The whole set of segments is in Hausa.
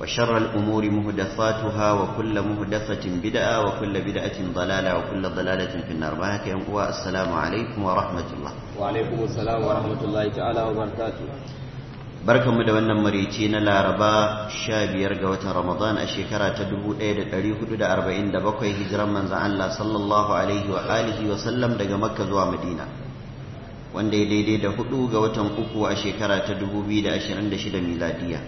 وشر الأمور مهدفاتها وكل مهدفة بدعة وكل بدعة ضلالة وكل ضلالة في النار بارك السلام عليكم ورحمة الله وعليكم السلام ورحمة الله تعالى وبركاته barka mu da wannan marici na laraba sha biyar ga watan ramadan a shekara ta dubu ɗaya da ɗari hudu da arba'in da bakwai hijiran manzan allah sallallahu alaihi wa sallam daga makka zuwa madina wanda ya daidai da hudu ga watan uku a shekara ta dubu da ashirin da shida miladiya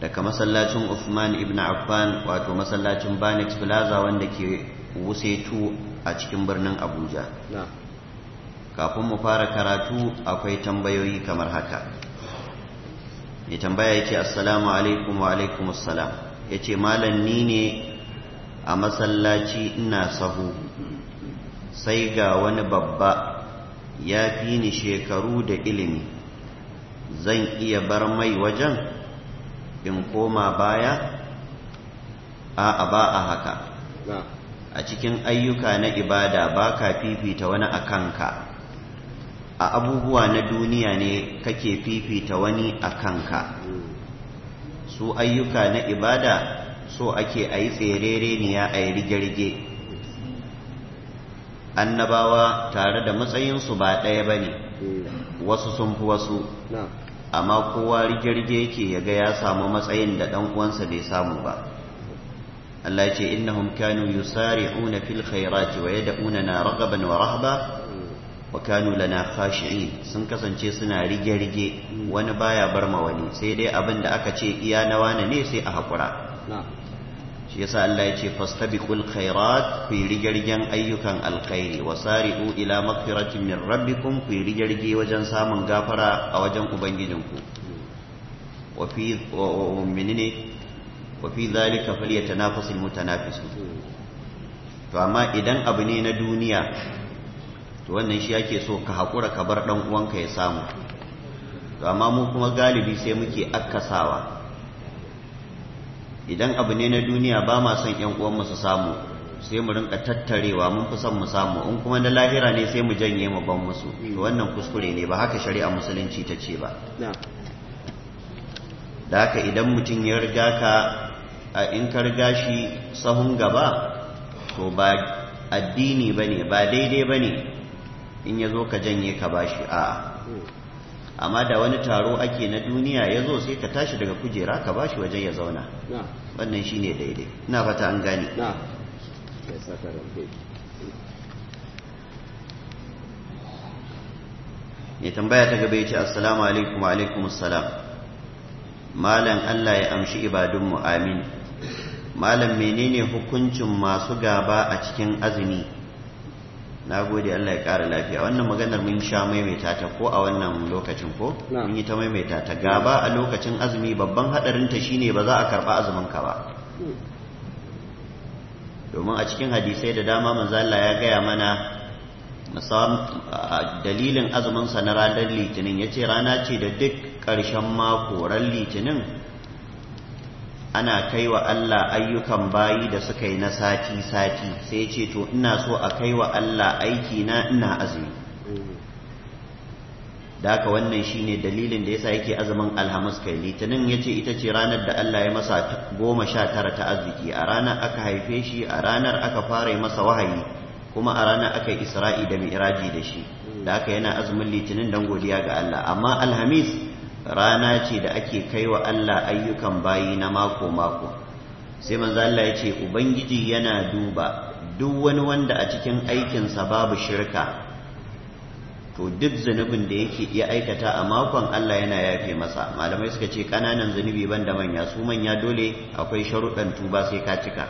daga masallacin Uthman ibn Affan wato masallacin Banex Plaza wanda ke wuse 2 a cikin birnin Abuja. Kafin mu fara karatu akwai tambayoyi kamar haka. Mai tambaya yake Assalamu alaikum wa alaikum assalam. Ya ce malam ni ne a masallaci ina sahu sai ga wani babba ya fi shekaru da ilimi zan iya bar mai wajen? in koma baya a'a ba a haka a cikin ayyuka na ibada ba ka fifita wani a kanka a abubuwa na duniya ne kake fifita wani a kanka su ayyuka na ibada so ake a yi tserere ya a yi rige-rige annabawa tare da matsayinsu ba ɗaya ba ne hmm. wasu sun fi wasu amma kowa rige-rige yake ya ga ya samu matsayin da ɗan uwansa bai samu ba Allah ya ce innahum kanu yusari'una fil khairati wa yad'una na ragaban wa rahba wa kanu lana khashi'in sun kasance suna rige-rige wani baya barma wani sai dai abin da aka ce iya na wane ne sai a hakura shi yasa Allah ya ce fastabiqul khairat ku rigirgen ayyukan alkhairi wasari'u ila maghfiratin min rabbikum ku rigirge wajen samun gafara a wajen ubangijinku wa fi menene wa fi zalika falyatanafasul mutanafisu to amma idan abu ne na duniya to wannan shi yake so ka hakura ka bar ɗan uwanka ya samu to amma mu kuma galibi sai muke akkasawa idan abu ne na duniya ba ma son yan uwanmu su samu sai mu rinka tattarewa mun fi son mu samu in kuma na lahira ne sai mu janye mu ban musu to hmm. wannan kuskure ne ba haka shari'a musulunci ta ce ba da haka idan mutum ya riga ka a in ka riga shi sahun gaba to ba addini bane ba daidai bane in ya zo ka janye ka bashi a'a hmm. amma da wani taro ake na duniya ya zo sai ka tashi daga kujera ka ba shi waje ya zauna wannan shi ne daidai ina fata an gane mai tambaya ta gaba ya ce assalamu alaikum alaikum assalam malam Allah ya amshi ibadunmu amin malam menene hukuncin masu gaba a cikin azumi na gode Allah ya ƙara lafiya wannan maganar mun sha maimaita ta ko a wannan lokacin ko mun yi ta maimaita ta gaba a lokacin azumi babban hadarin ta shine ba za a karba azumin ka ba hmm. domin a cikin hadisai da dama manzo Allah ya gaya mana dalilin azumin sa na ranar litinin yace rana ce da duk karshen mako ran litinin ana kai wa Allah ayyukan bayi da suka yi na sati-sati sai ce to ina so a kai wa Allah aiki na ina azumi da haka wannan shine dalilin da yasa yake azumin alhamis kai litinin ya ce ita ce ranar da Allah ya masa goma sha tara ta arziki a ranar aka haife shi a ranar aka fara masa wahayi kuma a ranar aka yi isra'i da mi'iraji da shi da haka yana azumin litinin dan godiya ga Allah amma alhamis rana ce da ake kai wa Allah ayyukan bayi na mako-mako sai manzo Allah ya ce ubangiji yana duba duk wani wanda a cikin aikinsa babu shirka to duk zunubin da yake iya aikata a makon Allah yana yafe masa malamai suka ce ƙananan zunubi da manya su manya dole akwai sharuɗan tuba sai ka cika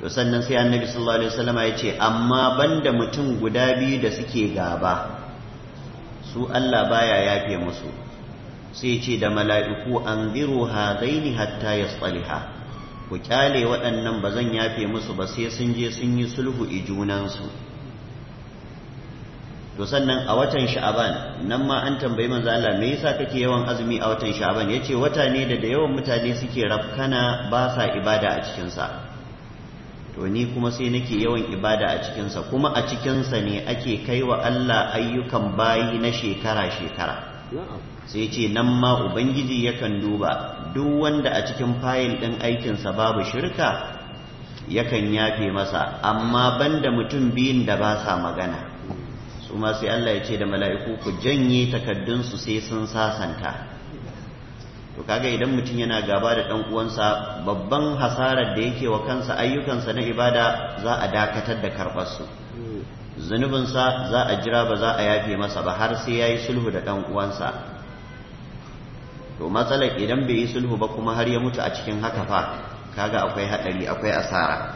to sannan sai annabi sallallahu alaihi wasallam ya ce amma banda mutum guda biyu da suke gaba su Allah baya yafe musu sai ce da mala'iku an ziru hadaini hatta ya tsaliha ku kyale waɗannan ba zan yafe musu ba sai sun je sun yi sulhu i junansu to sannan a watan sha'aban nan ma an tambayi manzo Allah me yasa kake yawan azumi a watan sha'aban yace wata ne da da yawan mutane suke rafkana ba sa ibada a cikinsa. to ni kuma sai nake yawan ibada a cikinsa kuma a cikinsa ne ake kaiwa Allah ayyukan bayi na shekara shekara sai ce nan ma ubangiji yakan duba duk wanda a cikin fayil ɗin sa babu shirka yakan yafe masa amma banda mutum biyun da ba sa magana su ma sai Allah ya ce da mala'iku ku janye takaddunsu sai sun sasanta to kaga idan mutum yana gaba da ɗan uwansa babban hasarar da yake wa kansa ayyukansa na ibada za a dakatar da karɓarsu zunubinsa za a jira ba za a yafe masa ba har sai ya yi sulhu da ɗan uwansa to matsalar idan bai yi sulhu ba kuma har ya mutu a cikin haka fa kaga akwai hadari akwai asara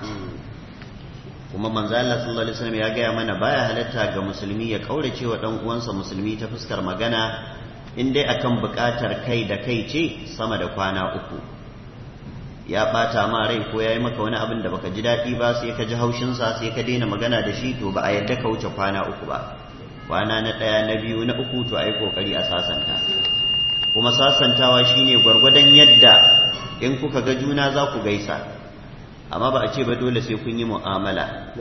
kuma manzo Allah sallallahu alaihi wasallam ya gaya mana baya halatta ga musulmi ya kaurace wa dan uwansa musulmi ta fuskar magana in dai akan buƙatar kai da kai ce sama da kwana uku ya bata ma rai ko yayi maka wani abin da baka ji daɗi ba sai ka ji haushin sa sai ka daina magana da shi to ba a yadda ka wuce kwana uku ba kwana na ɗaya na biyu na uku to ai kokari a sasanta kuma sasantawa shine gwargwadon yadda in kuka ga juna za ku gaisa amma ba a ce ba dole sai kun yi mu'amala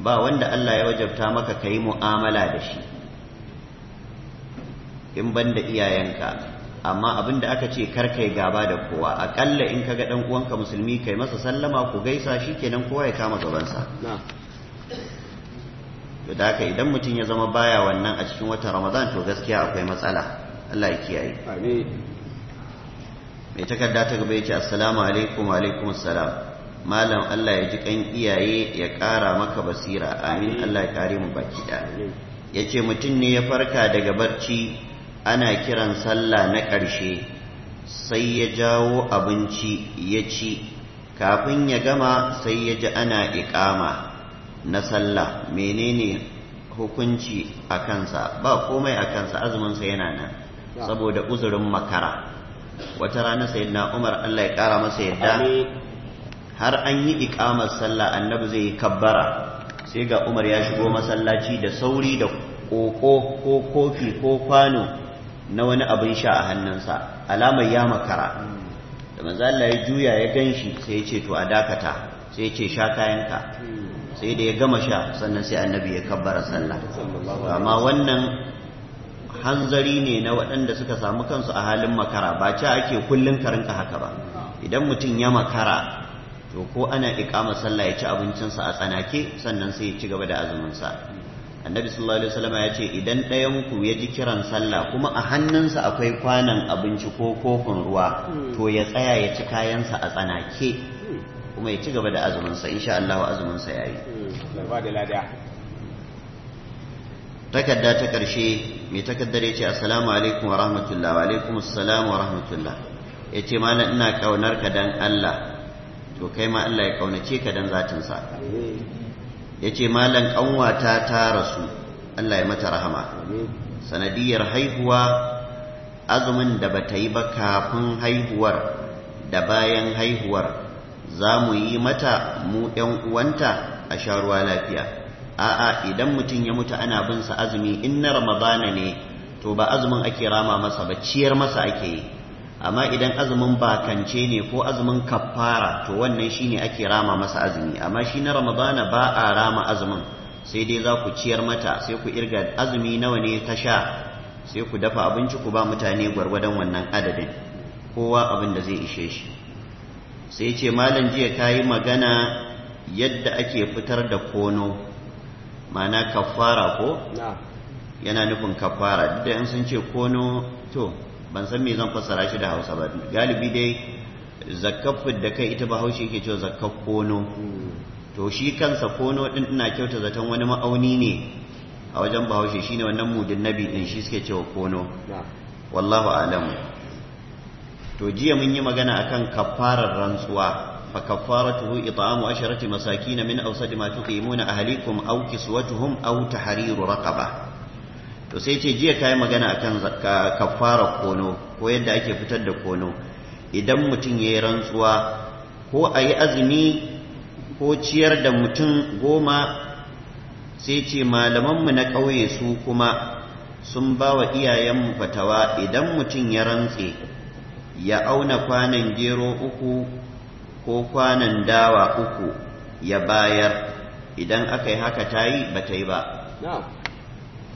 ba wanda Allah ya wajabta maka ka yi mu'amala da shi in banda iyayenka amma abin da aka ce kar kai gaba da kowa akalla in ka ga ɗan uwanka musulmi kai masa sallama ku gaisa shi shikenan kowa ya kama gabansa to da haka idan mutum ya zama baya wannan a cikin watan ramadan to gaskiya akwai matsala Allah ya kiyaye mai takarda ta gaba yace assalamu alaikum wa alaikum assalam malam Allah ya ji kan iyaye ya ƙara maka basira amin Allah ya kare mu baki da yace mutum ne ya farka daga barci ana kiran sallah na ƙarshe sai ya jawo abinci ya ci kafin ya gama sai ya ji ana iƙama na sallah menene hukunci a kansa ba komai a kansa azuminsa yana nan saboda uzurin makara wata rana na Umar Allah ya kara masa yadda har an yi ikamar sallah annabi zai yi kabbara sai ga Umar ya shigo masallaci da sauri da koko ko kofi ko kwano na wani abin sha a hannunsa alamar ya makara da manzo Allah ya juya ya ganshi sai ya ce to a dakata sai ya ce sha kayanka hmm. sai da ya gama sha sannan sai annabi ya kabbara sallah amma wannan hanzari ne na waɗanda suka samu kansu a halin makara ba ce ake kullum karinka haka ba idan mutum ya makara to ko ana iƙama sallah ya ci abincinsa a tsanake sannan sai ya ci gaba da azuminsa annabi sallallahu alaihi wasallam ya ce idan ɗayan ku ya ji kiran sallah kuma a hannunsa akwai kwanan abinci ko kofin ruwa to ya tsaya ya ci kayansa a tsanake kuma ya ci gaba da azuminsa insha Allah azuminsa yayi hmm. takarda ta ƙarshe mai takardar ya ce assalamu alaikum wa rahmatullah wa alaikum assalam wa rahmatullah ya ce malam ina ƙaunar ka dan Allah to kai ma Allah ya ƙaunace ka dan zatinsa ya ce malam ƙanwata ta rasu Allah ya mata rahama sanadiyar haihuwa azumin da bata yi ba kafin haihuwar da bayan haihuwar za mu yi mata mu ‘yan uwanta a sha ruwa lafiya’ a'a idan mutum ya mutu ana bin sa azumi in na ramadana ne to ba azumin ake rama masa ba ciyar masa ake yi amma idan azumin bakance ne ko azumin kaffara to wannan shine ake rama masa azumi amma shi na ramadana ba a rama azumin sai dai za ku ciyar mata sai ku irga azumi nawa ne ta sha sai ku dafa abinci ku ba mutane gwargwadon wannan adadin kowa abin da zai ishe shi sai ce malam jiya yi magana yadda ake fitar da kono ma'ana kafara ko yana nufin kafara duk da yan sun ce kono to ban san me zan fassara shi da hausa ba galibi dai zakkafin da kai ita bahaushe yake cewa zakkaf kono mm. to shi kansa kono din ina kyauta zaton wani ma'auni ne a wajen bahaushe shine wannan mudin nabi din shi suke cewa kono wallahu alamu to jiya mun yi magana akan kafarar rantsuwa فكفارته إطعام عشرة مساكين من أوسط ما تقيمون أهليكم أو كسوتهم أو تحرير رقبة to sai ce jiya kayi magana a akan kafara kono ko yadda ake fitar da kono idan mutum ya yi rantsuwa ko a yi azumi ko ciyar da mutum goma sai ce malamanmu na ƙauye su kuma sun ba wa iyayenmu fatawa idan mutum ya rantse ya auna kwanan gero uku ko kwanan dawa uku ya bayar idan aka yi haka ta yi ba ta yi ba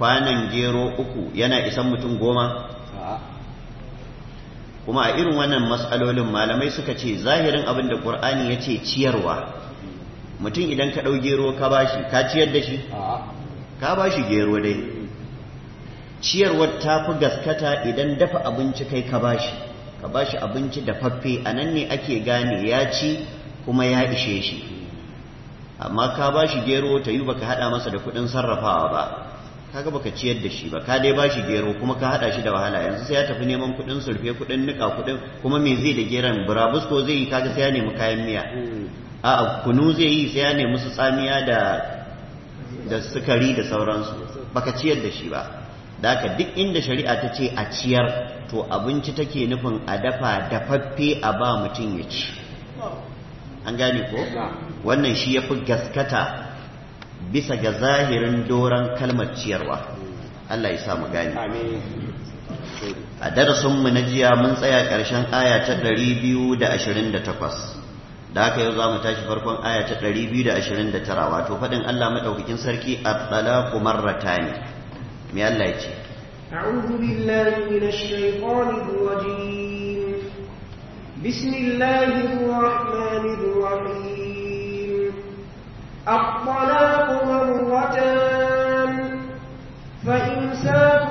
kwanan gero uku yana isan mutum goma kuma a irin wannan matsalolin malamai suka ce zahirin abin da ƙur'ani ya ce ciyarwa mutum idan ka ɗau gero ka shi ka ciyar da shi ka bashi gero dai ciyarwar ta fi gaskata idan dafa abinci kai ka bashi ka ba shi abinci da faffe a nan ne ake gane ya ci kuma ya ishe shi amma ka ba shi gero ta yi baka haɗa masa da kuɗin sarrafawa ba kaga baka ciyar da shi ba ka dai ba shi gero kuma ka haɗa shi da wahala yanzu sai ya tafi neman kuɗin surfe kuɗin nika kuɗin kuma me zai da geron burabusko zai yi kaga sai ya nemi kayan miya a kunu zai yi sai ya nemi su tsamiya da da sukari da sauransu baka ciyar da shi ba da haka duk inda shari'a ta ce a ciyar to abinci take nufin a dafa dafaffe a ba mutum ya ci an gane ko wannan shi ya fi gaskata bisa ga zahirin doron kalmar ciyarwa Allah ya sa mu gane a darasinmu na jiya mun tsaya ƙarshen aya ta 228 da aka yau za mu tashi farkon aya ta 229 wato faɗin Allah maɗaukakin sarki a tsalaku marrata ne mai Allah ya ce أعوذ بالله من الشيطان الرجيم بسم الله الرحمن الرحيم الطلاق مرتان فإمساك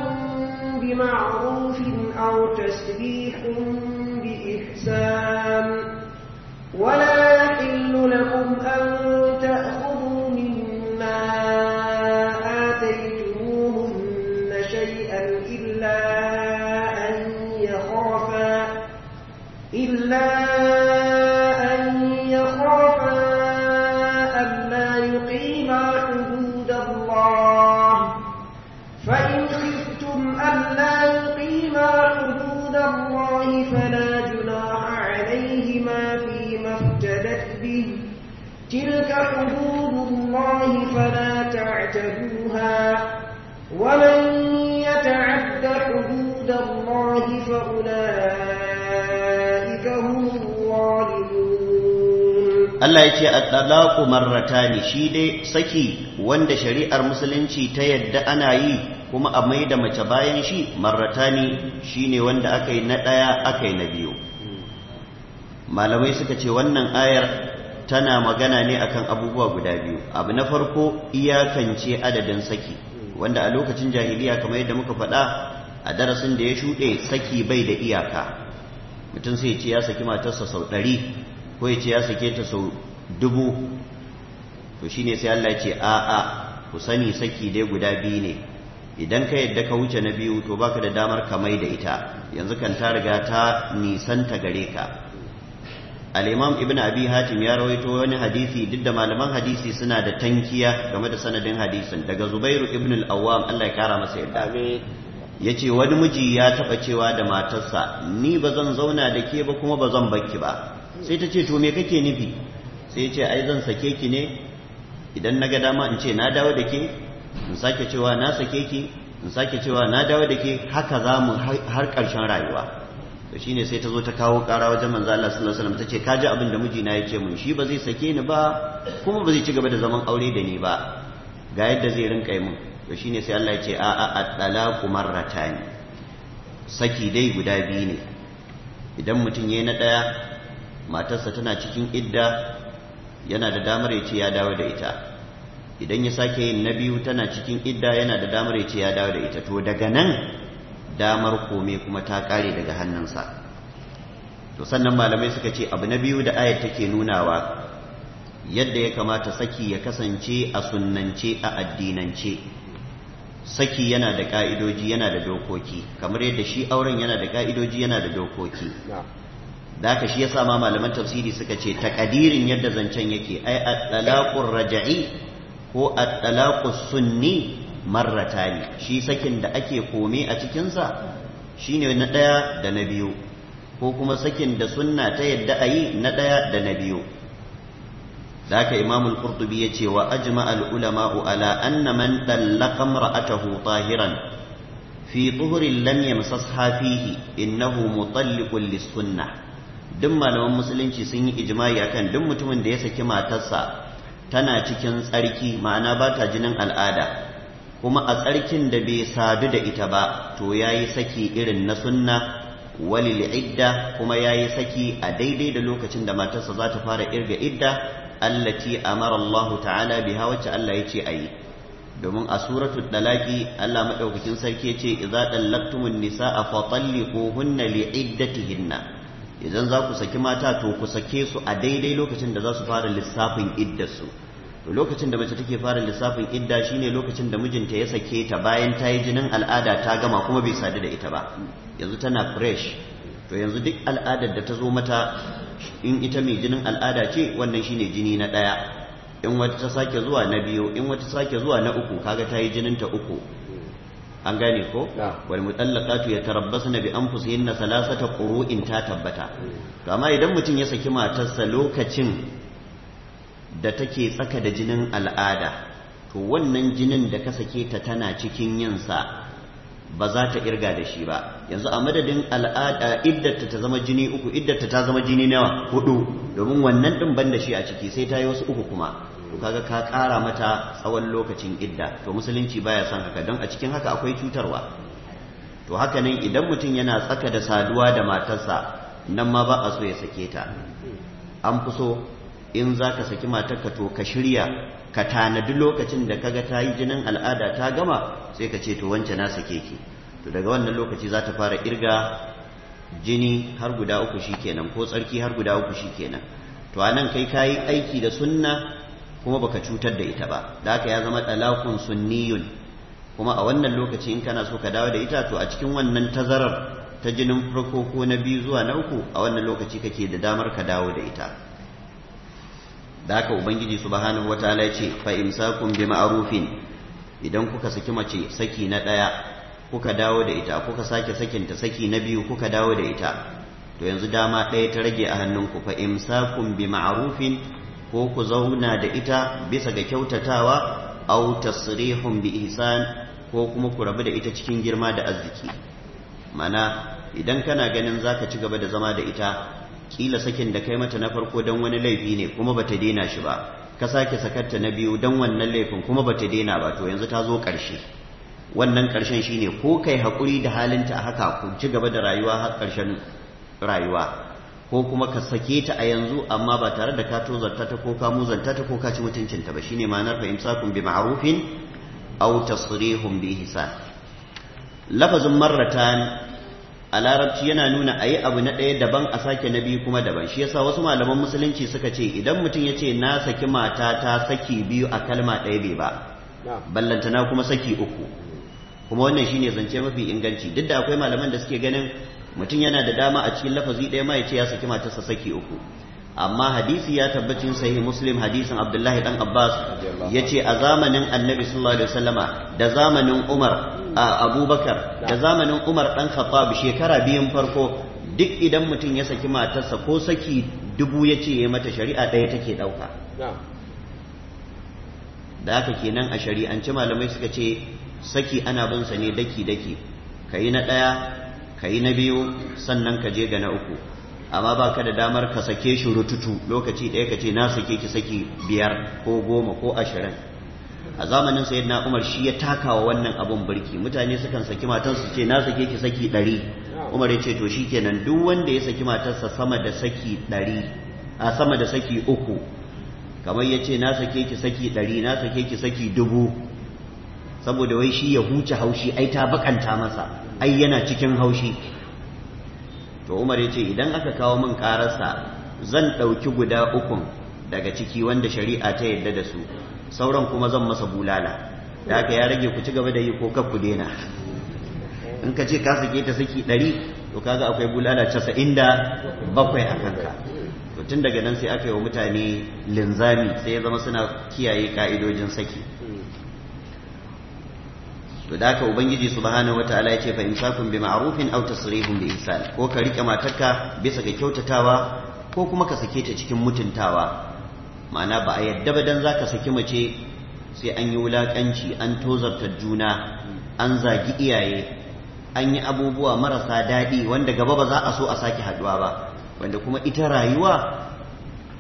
بمعروف أو تسبيح بإحسان Allah ya ce ku marrata marratani shi dai saki wanda shari'ar musulunci ta yadda ana yi kuma a mai da mace bayan shi marrata shi ne wanda aka yi na ɗaya aka yi na biyu malamai suka ce wannan ayar tana magana ne akan abubuwa guda biyu abu na farko iyakance adadin saki wanda a lokacin jahiliya kamar yadda muka faɗa a darasin da ya shuɗe saki bai da iyaka mutum sai ce ya saki matarsa sau ɗari ko ya ce ya sake ta sau dubu to shine sai Allah ya ce a'a ku sani saki dai guda biyu ne idan ka yadda ka wuce na biyu to baka da damar ka mai da ita yanzu kan ta riga ta nisanta gare ka al-imam ibn abi hatim ya rawaito wani hadisi duk da malaman hadisi suna da tankiya game da sanadin hadisin daga zubairu ibn al-awwam Allah ya kara masa yadda ya ce wani miji ya taɓa cewa da matarsa ni ba zan zauna da ke ba kuma ba zan bakki ba sai ta ce to me kake nufi sai ce ai zan sake ki ne idan na ga dama in ce na dawo da ke in sake cewa na sake ki in sake cewa na dawo da ke haka za mu har karshen rayuwa to shine sai ta zo ta kawo ƙara wajen manzo Allah sallallahu alaihi wasallam ce kaji abin da mijina ya ce mun shi ba zai sake ni ba kuma ba zai ci gaba da zaman aure da ni ba ga yadda zai rinka mun to shine sai Allah ya ce a a at-talaqu saki dai guda biyu ne idan mutum yayi na daya matarsa tana cikin idda yana da damar ya ce ya dawo da ita idan ya sake yin na biyu tana cikin idda yana da damar ya ce ya dawo da ita to daga nan damar kome kuma ta kare daga hannunsa to sannan malamai suka ce abu na biyu da ayat take nunawa yadda ya kamata saki ya kasance a sunnance a addinance saki yana da ka'idoji yana da dokoki kamar yadda shi auren yana da ka'idoji yana da dokoki da haka shi yasa ma malaman tafsiri suka ce takadirin yadda zancen yake ai at-talaqur raj'i ko at-talaqus sunni marratani shi sakin da ake kome a cikin sa shine na daya da na biyu ko kuma sakin da sunna ta yadda ayi na daya da na biyu da haka imamu al-qurtubi yace wa ajma'al ulama'u ala anna man talaqa imra'atahu tahiran في طهر لم يمسسها فيه إنه مطلق للسنة duk malaman musulunci sun yi ijima'i akan duk mutumin da ya saki matarsa tana cikin tsarki ma'ana ba ta jinin al'ada kuma a tsarkin da bai sadu da ita ba to ya yi saki irin na sunna walil idda kuma ya yi saki a daidai da lokacin da matarsa za ta fara irga idda allati amara Allah ta'ala biha wacce Allah ya ce yi. domin a suratu dalaki Allah madaukakin sarki ya ce idza dallaqtumun nisaa fa talliquhunna li iddatihinna idan za ku saki mata to ku sake su a daidai lokacin da za su fara lissafin iddarsu to lokacin da mace take fara lissafin idda shine lokacin da mijinta ya sake ta bayan ta yi jinin al'ada ta gama kuma bai sadu da ita ba yanzu tana fresh to yanzu duk al'adar da ta zo mata in ita mai jinin al'ada ce wannan shine jini na ɗaya in wata ta sake zuwa na biyu in wata sake zuwa na uku kaga ta yi jinin ta uku an gane ko wal mutallaqatu yatarabbasna bi anfusihinna salasata qurun ta tabbata to amma idan mutum ya saki matarsa lokacin da take tsaka da jinin al'ada to wannan jinin da ka sake ta tana cikin yin sa ba za ta irga da shi ba yanzu a madadin al'ada iddata ta zama jini uku iddata ta zama jini nawa hudu domin wannan din ban da shi a ciki sai ta yi wasu uku kuma to kaga ka ƙara mata tsawon lokacin idda to musulunci baya son haka don a cikin haka akwai cutarwa to haka nan idan mutum yana tsaka da saduwa da matarsa nan ma ba a so ya sake ta an fi so in za ka saki matarka to ka shirya ka tanadi lokacin da kaga ta yi jinin al'ada ta gama sai ka ce to wance na sake ki to daga wannan lokaci za ta fara irga jini har guda uku shikenan ko tsarki har guda uku shikenan to anan kai kayi aiki da sunna kuma baka cutar da ita ba da haka ya zama talaqun sunniyun kuma a wannan lokaci in kana so ka dawo da ita to a cikin wannan tazarar ta jinin farko ko na biyu zuwa na uku a wannan lokaci kake da damar ka dawo da ita da haka ubangiji subhanahu wataala ya ce fa imsakum bi ma'rufin idan kuka saki mace saki na daya kuka dawo da ita kuka sake sakin ta saki na biyu kuka dawo da ita to yanzu dama ɗaya ta rage a hannunku fa imsakum bi ma'rufin ko ku zauna da ita bisa ga kyautatawa au tasrihun bi ihsan ko kuma ku rabu da ita cikin girma da arziki mana idan kana ganin zaka ci gaba da zama da ita kila sakin da kai mata na farko dan wani laifi ne kuma bata daina shi ba ka sake sakarta na biyu dan wannan laifin kuma bata daina ba to yanzu ta zo ƙarshe wannan ƙarshen shine ko kai hakuri da halinta haka ku ci gaba da rayuwa har ƙarshen rayuwa ko kuma ka sake ta a yanzu amma ba tare da ka tozarta ta ko ka muzanta ta ko ka ci mutuncinta ba shine ma'anar fa imsakum bi ma'rufin aw tasrihum bi hisan lafazin marratan a larabci yana nuna ayi abu na ɗaya daban a sake na biyu kuma daban shi yasa wasu malaman musulunci suka ce idan mutum ya ce na saki mata ta saki biyu a kalma ɗaya bai ba ballantana kuma saki uku kuma wannan shine zance mafi inganci duk da akwai malaman da suke ganin mutum yana da dama a cikin lafazi ɗaya ma ya ce ya saki matarsa saki uku amma hadisi ya tabbacin sahih muslim hadisin abdullahi dan abbas ya ce a zamanin annabi sallallahu alaihi wasallama da zamanin umar a abubakar da zamanin umar dan khattab shekara biyun farko duk idan mutum ya saki matarsa ko saki dubu ya ce ya mata shari'a ɗaya take ɗauka da haka kenan a shari'ance malamai suka ce saki ana bin sa ne daki daki kayi na ɗaya ka yi na biyu sannan ka je ga na uku amma ba ka da damar ka sake shi rututu lokaci ɗaya ka ce na sake ki saki biyar ko goma ko ashirin a zamanin sayyid na umar shi ya taka wa wannan abun birki mutane sukan saki matansu ce na sake ki saki ɗari umar ya ce to shi kenan duk wanda ya saki matarsa sama da saki ɗari a sama da saki uku kamar ya ce na sake ki saki ɗari na sake ki saki dubu saboda wai shi ya huce haushi ai ta bakanta masa ai yana cikin haushi to Umar ya ce idan aka kawo min ƙararsa zan ɗauki guda ukun daga ciki wanda shari'a ta yadda da su sauran kuma zan masa bulala da aka ya rage ku ci gaba da yi ko ka ku daina in ka ce ka sake ta saki ɗari to kaga akwai bulala casa'in da bakwai a kanka to tun daga nan sai aka yi wa mutane linzami sai ya zama suna kiyaye ka'idojin saki to da haka ubangiji subhanahu wataala yace fa insakum bi ma'rufin aw tasrihun bi ihsan ko ka rike matarka bisa ga kyautatawa ko kuma ka sake ta cikin mutuntawa ma'ana ba a yadda ba dan zaka saki mace sai an yi wulakanci an tozarta juna an zagi iyaye an yi abubuwa marasa daɗi wanda gaba ba za a so a sake haɗuwa ba wanda kuma ita rayuwa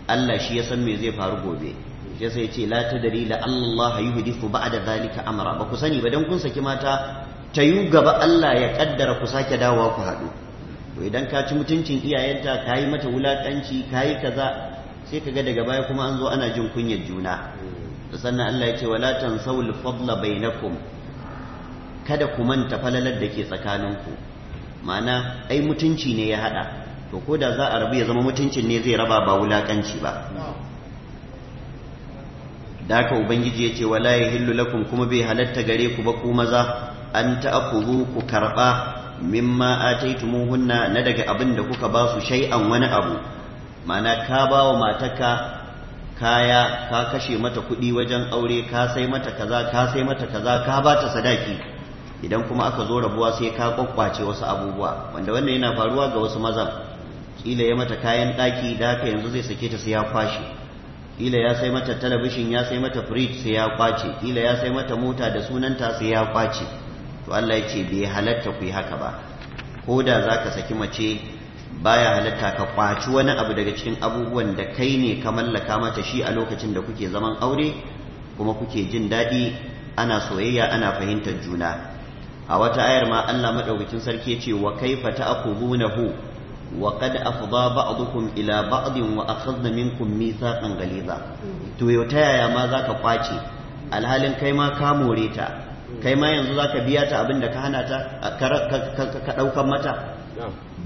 Allah shi ya san me zai faru gobe shi sai yace la ta dalila Allah yuhdithu ba'da zalika amara ba ku sani ba dan kun saki mata ta yu gaba Allah ya kaddara ku sake dawowa ku haɗu to idan ka ci mutuncin iyayenta ka yi mata wulakanci ka yi kaza sai ka ga daga baya kuma an zo ana jin kunyar juna sannan Allah ya ce wala saul fadla bainakum kada ku manta falalar da ke tsakaninku ma'ana ai mutunci ne ya haɗa to koda da za a rabu ya zama mutuncin ne zai raba ba wulakanci ba da haka ubangiji ya ce wala ya lakum kuma bai halatta gare ku ba ku maza an ta'khudhu ku karba mimma ataytumuhunna na daga abin da kuka ba su shay'an wani abu mana ka ba wa matarka kaya ka kashe mata kuɗi wajen aure ka sai mata kaza ka sai mata kaza ka ba ta sadaki idan kuma aka zo rabuwa sai ka kwakwace wasu abubuwa wanda wannan yana faruwa ga wasu mazan kila ya mata kayan ɗaki da haka yanzu zai sake ta sai ya kwashe kila ya sai mata talabishin ya sai mata fridge sai ya kwace kila ya sai mata mota da sunanta sai ya kwace to Allah ya ce bai halatta ku yi haka ba ko da za ka saki mace baya halatta ka kwaci wani abu daga cikin abubuwan da kai ne ka mallaka mata shi a lokacin da kuke zaman aure kuma kuke jin daɗi ana soyayya ana fahimtar juna a wata ayar ma Allah madaukakin sarki ya ce wa kaifa hu. وقد أفضى بعضكم إلى بعض وأخذن منكم ميثاقا غليظا to ta yaya ma za ka kwace alhalin kai ma ka more ta kai ma yanzu za ka biya ta abin da ka hana ta ka ɗaukan mata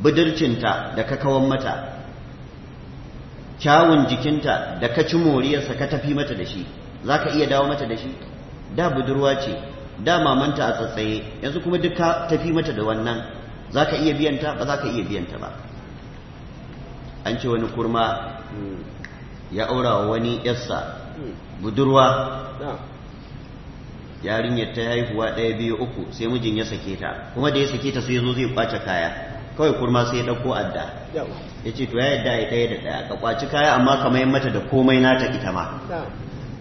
budurcinta da ka kawan mata kyawun jikinta da ka ci moriyarsa ka tafi mata da shi za ka iya dawo mata da shi da budurwa ce da mamanta a tsatsaye yanzu kuma duk ka tafi mata da wannan za ka iya biyanta ba za ka iya biyanta ba an ce wani kurma mm, ya aura wa wani yarsa budurwa mm. yarinyar ta haihuwa ɗaya biyu uku sai mijin ya sake ta kuma da ya sake ta sai ya zo zai kwace kaya kawai kurma sai ya ɗauko adda ya ce to ya yadda ya ɗaya da ɗaya ka kwaci kaya amma ka mayan mata da komai nata ita ma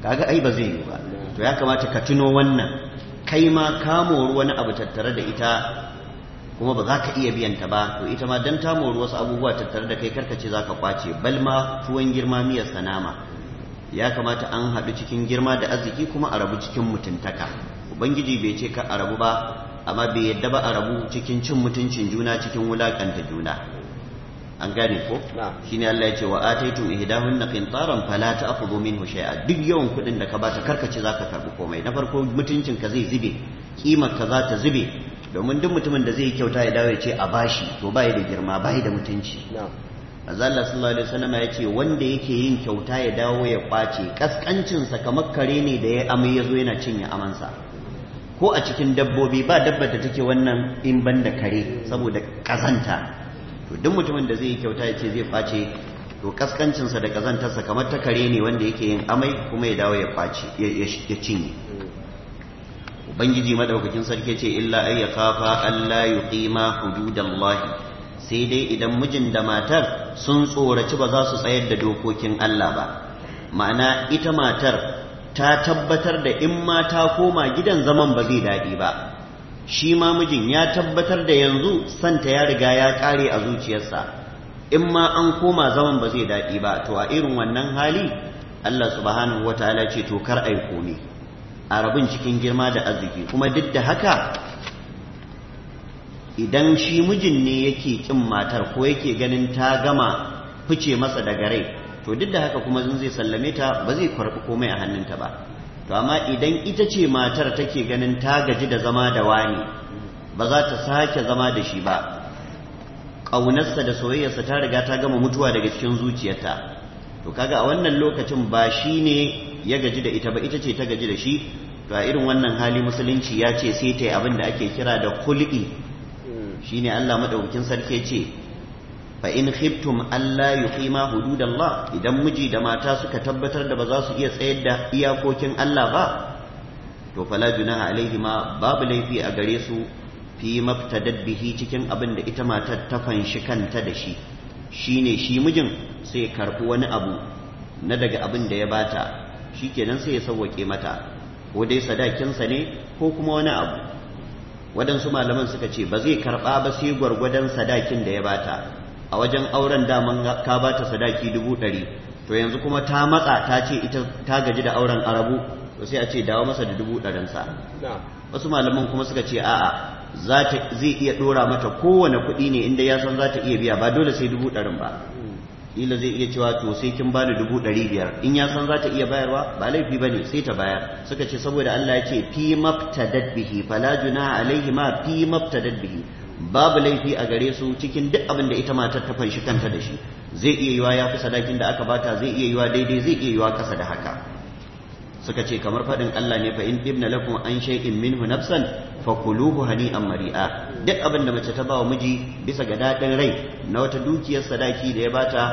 kaga ai ba zai yi ba to ya kamata ka tuno wannan kai ma kamo ruwan wani abu tattare da ita kuma ba za ka iya biyan ta ba to ita ma dan ta moru wasu abubuwa tattare da kai ce za ka kwace bal ma tuwon girma miyar sanama ya kamata an haɗu cikin girma da arziki kuma a rabu cikin mutuntaka ubangiji bai ce ka a rabu ba amma bai yadda ba a rabu cikin cin mutuncin juna cikin wulakanta juna an gane ko shine Allah ya ce wa ataitu na qintaran fala ta'khudhu minhu shay'a duk yawan kuɗin da ka bata karkace zaka karbi komai na farko mutuncin ka zai zube kimar ka za ta zube domin duk mutumin da zai kyauta ya dawo ya ce a bashi to bai da girma bai da mutunci azalla sallallahu alaihi wasallam ya ce wanda yake yin kyauta ya dawo ya kwace kaskancin sa kamar kare ne da ya amai yazo yana cinye amansa ko a cikin dabbobi ba dabbar da take wannan in ban da kare saboda kazanta to duk mutumin da zai yi kyauta ya ce zai kwace to kaskancinsa da kazantarsa kamar ta kare ne wanda yake yin amai kuma ya dawo ya kwace ya cinye Bangiji, madaukakin sarki ce illa ay yakafa alla yuqima hududallah sai dai idan mijin da matar sun tsoraci ba za su tsayar da dokokin Allah ba ma'ana ita matar ta tabbatar da in ma ta koma gidan zaman ba zai daɗi ba shi ma mijin ya tabbatar da yanzu santa ya riga ya ƙare a zuciyarsa in ma an koma zaman ba zai daɗi ba to a irin wannan hali Allah subhanahu wataala ce to kar ai komai a rabin cikin girma da arziki kuma duk da haka idan shi mijin ne yake kin matar ko yake ganin ta gama fice masa daga rai to duk da haka kuma zai sallame ta ba zai karɓi komai a hannunta ba to amma idan ita ce matar take ganin ta gaji da zama da wani ba za ta sake zama da shi ba ƙaunarsa da soyayyarsa ta riga ta gama mutuwa daga cikin zuciyarta to kaga a wannan lokacin ba shi ne ya gaji da ita ba ita ce ta gaji da shi to a irin wannan hali musulunci ya ce sai ta yi abin da ake kira da kul'i shine Allah maɗaukin sarki ce fa in khiftum alla yuqima hududallah idan miji da mata suka tabbatar da ba za su iya tsayar da iyakokin Allah ba to fala junaha ma babu laifi a gare su fi mabtadad bihi cikin abin da ita matar ta fanshi kanta da shi shine shi mijin sai karɓi wani abu na daga abin da ya bata shikenan sai ya sauwake mata ko dai sadakinsa ne ko kuma wani abu waɗansu malaman suka ce ba zai karɓa ba sai gwargwadon sadakin da ya bata a wajen auren daman ka bata sadaki dubu ɗari to yanzu kuma ta matsa ta ce ita ta gaji da auren arabu to sai a ce dawo masa da dubu ɗarinsa wasu malaman kuma suka ce a'a zai iya ɗora mata kowane kuɗi ne inda ya san za ta iya biya ba dole sai dubu ɗarin ba ila zai iya cewa to sai kin bani dubu ɗari biyar in ya san za ta iya bayarwa ba laifi ba ne sai ta bayar suka ce saboda Allah ya ce fi maftadat bihi fala juna alaihi ma fi maftadat bihi babu laifi a gare su cikin duk abin da ita matar ta fanshi kanta da shi zai iya yiwa ya fi sadakin da aka bata zai iya yiwa daidai zai iya yiwa kasa da haka suka ce kamar faɗin Allah ne fa in ibna lakum an shay'in minhu nafsan fakuluhu hani'an mari'a duk abin da mace ta ba wa miji bisa ga daɗin rai na wata dukiyar sadaki da ya bata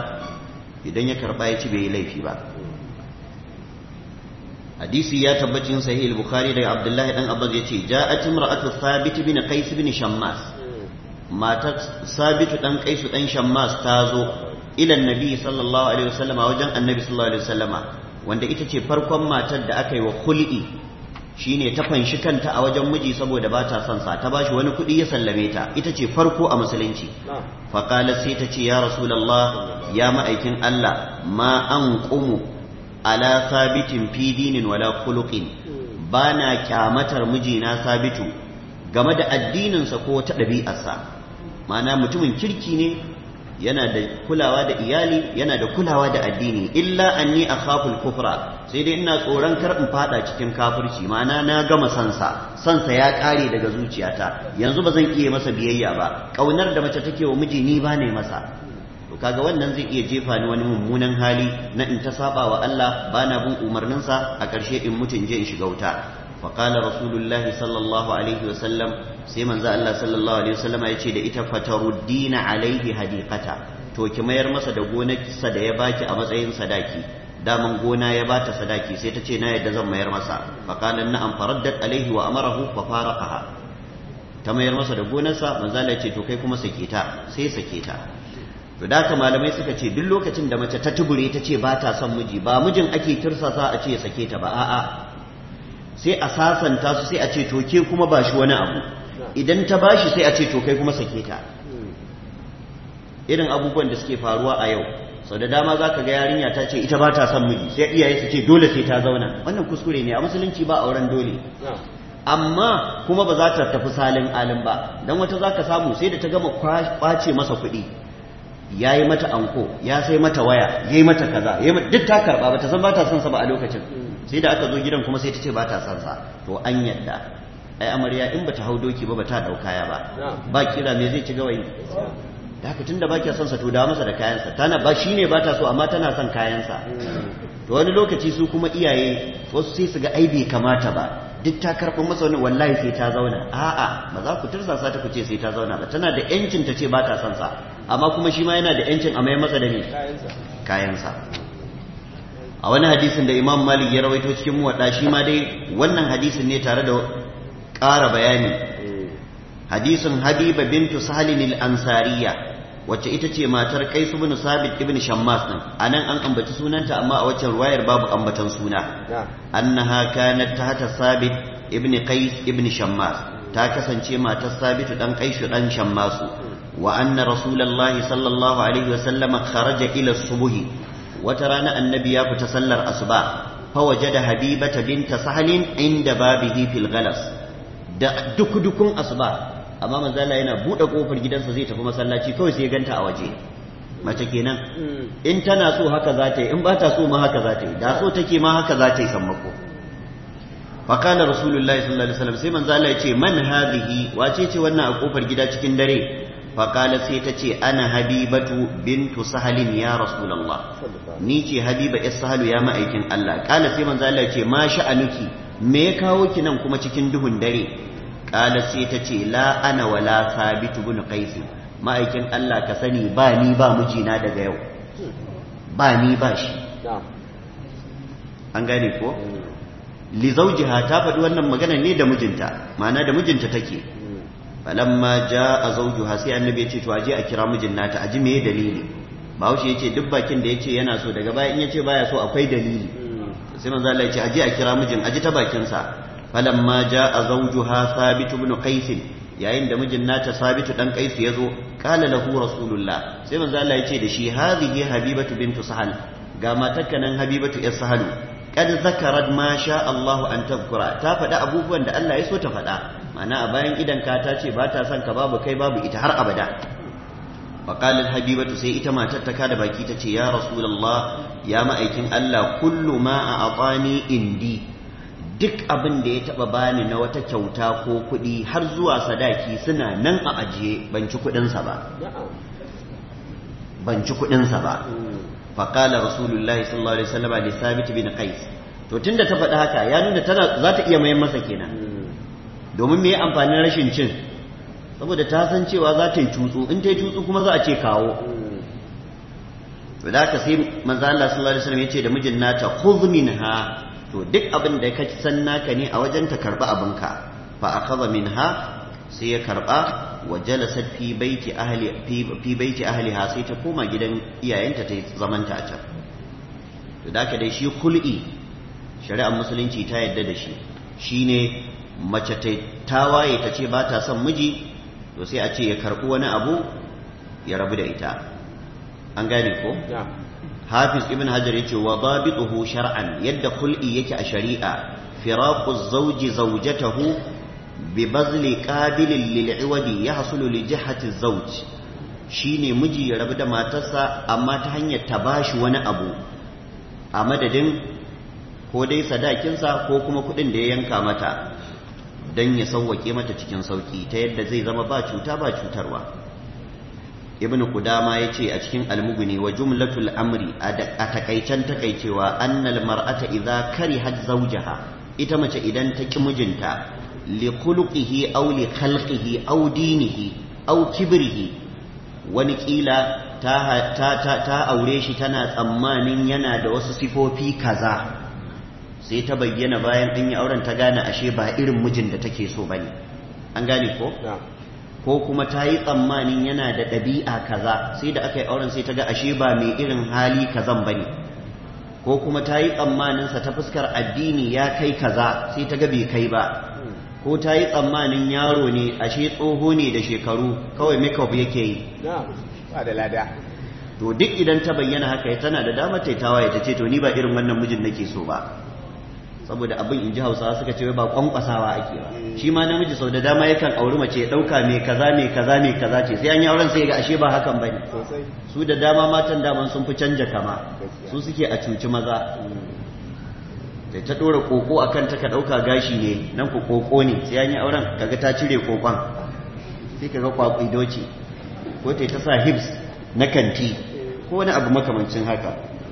idan ya karɓa ya ci bai yi laifi ba hadisi ya tabbaci sahih al-bukhari daga abdullahi dan abbas yace ja'at imra'atu thabit bin qais bin shammas matar sabitu dan qais dan shammas ta zo ila annabi sallallahu alaihi wasallama wajen annabi sallallahu alaihi wasallama wanda ita ce farkon matar da aka yi wa shi ne ta fanshi kanta a wajen miji saboda ba ta son sa ta ba shi wani kuɗi ya sallame ta ita ce farko a musulunci faƙalar sai ta ce ya rasulallah ya ma'aikin Allah ma an ƙumu ala sabitin fi dinin wala ba na kyamatar mijina sabitu game da addininsa ko ta ɗabi'arsa ma'ana mutumin kirki ne yana da kulawa da iyali yana da kulawa da addini illa anni akhafu al-kufra sai dai ina tsoron kar in fada cikin kafirci ma'ana na gama sansa sansa ya kare daga zuciyata yanzu ba zan iya masa biyayya ba kaunar da mace take wa miji ni ba ne masa to kaga wannan zai iya jefa ni wani mummunan hali na in ta saba wa Allah bana bin umarninsa a ƙarshe in mutu in je in shiga wuta فقال رسول الله صلى الله عليه وسلم سيما ذا الله صلى الله عليه وسلم يتي دا إتا فتردين عليه هديقتا to ki mayar masa da gonarsa da ya baki a matsayin sadaki daman gona ya bata sadaki sai ta ce na yadda zan mayar masa faqalan na'am faraddat alaihi wa amarahu fa faraqaha ta mayar masa da gonarsa manzo Allah ce to kai kuma sake ta sai sake ta to da haka malamai suka ce duk lokacin da mace ta tubure ta ce ba ta son miji ba mijin ake tirsasa a ce ya sake ta ba a'a sai a sasanta su sai a ce to ke kuma ba shi wani abu idan ta ba shi sai a ce to kai kuma sake ta irin abubuwan da suke faruwa a yau sau da dama za ka ga yarinya ta ce ita ba ta son miji sai iyaye su ce dole sai ta zauna wannan kuskure ne a musulunci ba auren dole amma kuma ba za ta tafi salin alin ba don wata za ka samu sai da ta gama kwace masa kuɗi ya yi mata anko ya sai mata waya ya yi mata kaza duk ta karɓa ba ta san ba ta son sa ba a lokacin sai da aka zo gidan kuma sai ta ce ba ta san sa to an yadda ai amarya in bata hau doki ba bata dau kaya ba ba kira me zai ci gawayi da haka tunda ba kya son sa to da masa da kayansa tana ba shine ba ta so amma tana son kayansa to wani lokaci su kuma iyaye wasu sai su ga ai bai kamata ba duk ta karɓi masa wani wallahi sai ta zauna a'a ba za ku tursasa ta ku ce sai ta zauna ba tana da yancin ta ce ba ta son sa amma kuma shi ma yana da yancin a mai masa da ne kayansa a wani hadisin da imam malik ya rawaito cikin muwadda shi ma dai wannan hadisin ne tare da ƙara bayani hadisin habiba bintu sahalin al-ansariya wacce ita ce matar kaisu bin sabit ibn shammas din anan an ambaci sunanta amma a waccan ruwayar babu ambatan suna annaha kanat tahta sabit ibn qais ibn shammas ta kasance matar sabitu dan Kaisu dan shammasu wa anna rasulullahi sallallahu alaihi wa sallama kharaja ila subuhi wata rana annabi ya fita sallar asuba فوجد habibata Binta سهل inda بابه fil galas da duk dukun asuba amma manzo Allah yana bude kofar gidansa zai tafi masallaci kawai sai ya ganta a waje mace kenan hmm. in tana so haka za ta yi in ba ta so ma haka za ta yi da so take ma haka za ta yi sammako fa kana rasulullahi sallallahu alaihi wasallam sai manzo Allah ya ce man hadhihi wace ce wannan a kofar gida cikin dare faƙala sai ta ce ana habibatu bintu sahalin ya rasulallah ni ce habiba ya sahalu ya ma'aikin Allah ƙala sai manzo Allah ce ma sha'anuki me ya kawo ki nan kuma cikin duhun dare ƙala sai ta ce la ana wala sabitu bin qais ma'aikin Allah ka sani ba ni ba mijina daga yau ba ni ba shi an gane ko li zawjiha ta faɗi wannan magana ne da mijinta ma'ana da mijinta take falamma jaa zawjuha sai annabi ya ce to aje a kira mijin nata aji me dalili bahaushe ya ce duk bakin da ya ce yana so daga baya in ya ce baya so akwai dalili sai manzo Allah ya ce aje a kira mijin aji ta bakin sa falamma jaa zawjuha sabit ibn qais yayin da mijin nata sabitu dan qais ya zo kala lahu rasulullah sai manzo Allah ya ce da shi hadhihi habibatu bintu sahal ga matarka nan habibatu ya sahalu kad zakarat ma sha Allah an tabkura ta faɗa abubuwan da Allah ya so ta faɗa ma'ana a bayan idan ka ta ce ba ta son ka babu kai babu ita har abada faƙalin habibatu sai ita matar ta kada baki ta ce ya rasulallah ya ma'aikin allah kullu ma a afani indi duk abin da ya taɓa bani na wata kyauta ko kuɗi har zuwa sadaki suna nan a ajiye ban ci kuɗinsa ba ban ci kuɗinsa ba rasulullah sallallahu alaihi wasallam da sabit bin qais to tunda ta faɗi haka ya nuna tana za ta iya mayan masa kenan domin me amfanin rashin cin saboda ta san cewa za ta yi tutsu in ta yi tutsu kuma za a ce kawo to da ka sai manzo Allah sallallahu alaihi wasallam yace da mijin nata khudh ha, to duk abin da ka san naka ne a wajen ta karba abinka fa akhadha minha sai ya karba wa jalasa fi baiti ahli fi baiti ahliha sai ta koma gidan iyayenta ta zamanta a can to da ka dai shi kul'i shari'ar musulunci ta yadda da shi shine mace ta tawaye ta ce ba ta son miji to sai a ce ya karɓi wani abu ya rabu da ita an gane ko hafiz ibn hajar yace wa dabituhu shar'an yadda kul'i yake a shari'a firaqu zawji zawjatahu bi bazli qabilin lil iwadi yahsulu li jihati zawj shine miji ya rabu da matarsa amma ta hanyar ta bashi wani abu a madadin ko dai sadakinsa ko kuma kuɗin da ya yanka mata don ya sauwake mata cikin sauki ta yadda zai zama ba cuta ba cutarwa ibn kudama ya ce a cikin almuguni wa jumlatul amri a takaicen takaicewa annal mar'ata idza karihat zawjaha ita mace idan ta ki mijinta li khuluqihi aw li khalqihi aw dinihi aw kibrihi wani kila ta ta aure shi tana tsammanin yana da wasu sifofi kaza sai ta bayyana bayan an yi auren ta gane ashe ba irin mijin da take so bane an gane ko ko kuma ta yi tsammanin yana da ɗabi'a kaza sai da aka yi auren sai ta ga ashe ba mai irin hali kazan bane ko kuma ta yi tsammanin sa ta fuskar addini ya kai kaza sai ta ga bai kai ba ko ta yi tsammanin yaro ne ashe tsoho ne da shekaru kawai makeup yake yi ba da lada to duk idan ta bayyana haka tana da damar taitawa ya ta ce to ni ba irin wannan mijin nake so ba saboda abin in ji hausawa suka ce ba kwankwasawa ake ba shi ma namiji sau da dama yakan auri mace ya ɗauka mai kaza mai kaza mai kaza ce sai an yi auren sai ga ashe ba hakan bane su da dama matan daman sun fi canja kama su suke a cuci maza da ta ɗora koko a kan ta ka ɗauka gashi ne nan ku koko ne sai an yi auren kaga ta cire kokon sai kaga kwakwai ce ko ta ta sa hips na kanti ko wani abu makamancin haka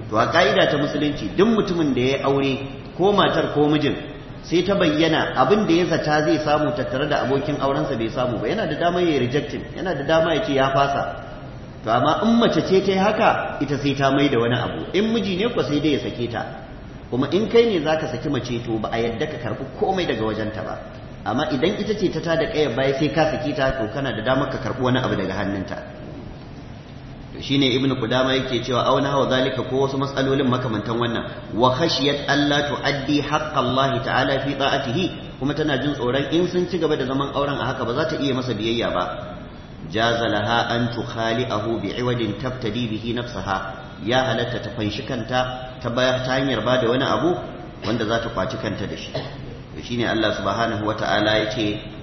to a ka'ida ta musulunci duk mutumin da ya yi aure ko matar ko mijin sai ta bayyana abin da ya zata zai samu tattare da abokin aurensa bai samu ba yana da dama ya rejectin yana da dama ya ce ya fasa to amma in mace ce ta yi haka ita sai ta mai da wani abu in miji ne ko sai dai ya sake ta kuma in kai ne zaka saki mace to ba a yadda ka karbi komai daga wajenta ba amma idan ita ce ta tada kayar baya sai ka saki ta to kana da damar ka karbi wani abu daga hannunta shine ibnu kudama yake cewa auna hawa zalika ko wasu matsalolin makamantan wannan wa khashiyat alla tuaddi allah ta'ala fi ta'atihi kuma tana jin tsoron in sun ci gaba da zaman auren a haka ba za ta iya masa biyayya ba jaza laha an tukhali'ahu bi'iwadin taftadi bihi nafsaha ya halatta ta fanshi kanta ta bayar ta hanyar bada wani abu wanda za ta kwaci kanta da shi shine Allah subhanahu wata'ala yake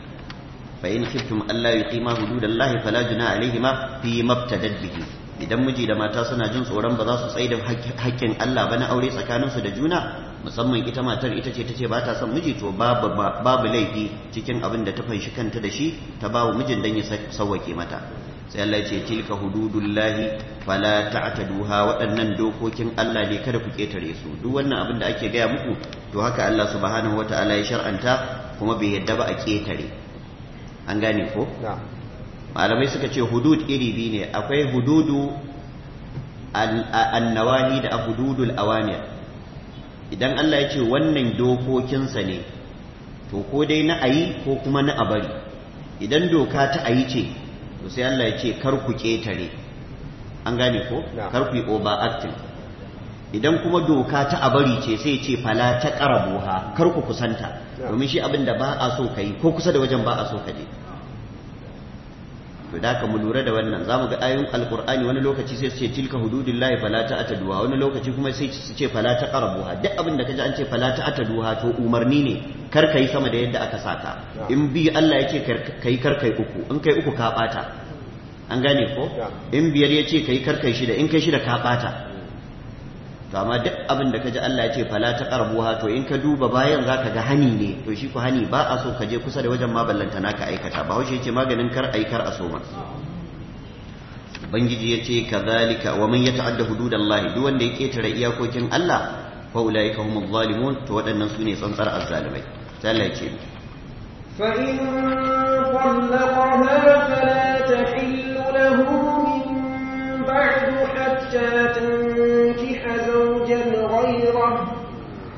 فإن خفتم ألا يقيما حدود الله فلا جناح عليهما فيما ابتدت به idan miji da mata suna jin tsoron ba za su tsaye da hakkin Allah ba na aure tsakaninsu da juna musamman ita matar ita ce ta ce ba ta son miji to babu laifi cikin abin da ta fanshi kanta da shi ta ba wa mijin dan ya sauwake mata sai Allah ce tilka hududullahi fala ta'taduha waɗannan dokokin Allah ne kada ku ketare su duk wannan abin da ake gaya muku to haka Allah subhanahu wataala ya shar'anta kuma bai yadda ba a ketare an gane ko malamai suka ce hudud iri biyu ne akwai hududu annawani da hududul awamir idan Allah ya ce wannan dokokinsa ne to ko dai na ayi ko kuma na abari idan doka ta ayi ce to sai Allah ya ce kar ku ketare an gane ko kar ku yi overacting idan kuma doka ta abari ce sai ce fala ta karabuha kar ku kusanta domin shi abin da ba a so kai ko kusa da wajen ba a so ka je to da mu lura da wannan zamu ga ayoyin alkur'ani wani lokaci sai su ce tilka hududillahi fala ta'taduha wani lokaci kuma sai su ce fala taqrabuha duk abin da kaji an ce fala ta'taduha to umarni ne kar kai sama da yadda aka saka in bi Allah yake kai kar kai uku in kai uku ka bata an gane ko in biyar yace kai kar kai shida in kai shida ka bata to amma duk abin da ji Allah ya ce fala karbuwa to in ka duba bayan zaka ga hani ne to shi ku hani ba a so ka je kusa da wajen ma naka aikata ba haushe ce maganin kar aikar a soma ubangiji yace kadhalika wa man hududan hududallahi duk wanda ya ketare iyakokin Allah fa ulaika humuz zalimun to waɗannan sune tsantsar azzalimai sai Allah yace fa in طلقها فلا تحل له من بعد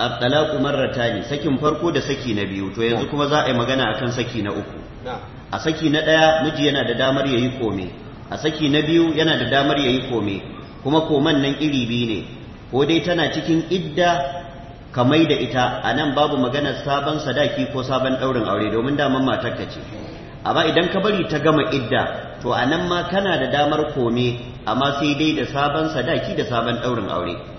at-talaqu ne sakin farko da saki na biyu to yanzu kuma za a yi magana akan saki na uku a saki na daya miji yana da damar yayi kome a saki na biyu yana da damar yayi kome kuma koman nan iri biyu ne ko dai tana cikin idda kamai da ita a nan babu maganar sabon sadaki ko sabon ɗaurin aure domin daman ka ce amma idan ka bari ta gama idda to a nan ma kana da damar kome amma sai dai da sabon sadaki da sabon ɗaurin aure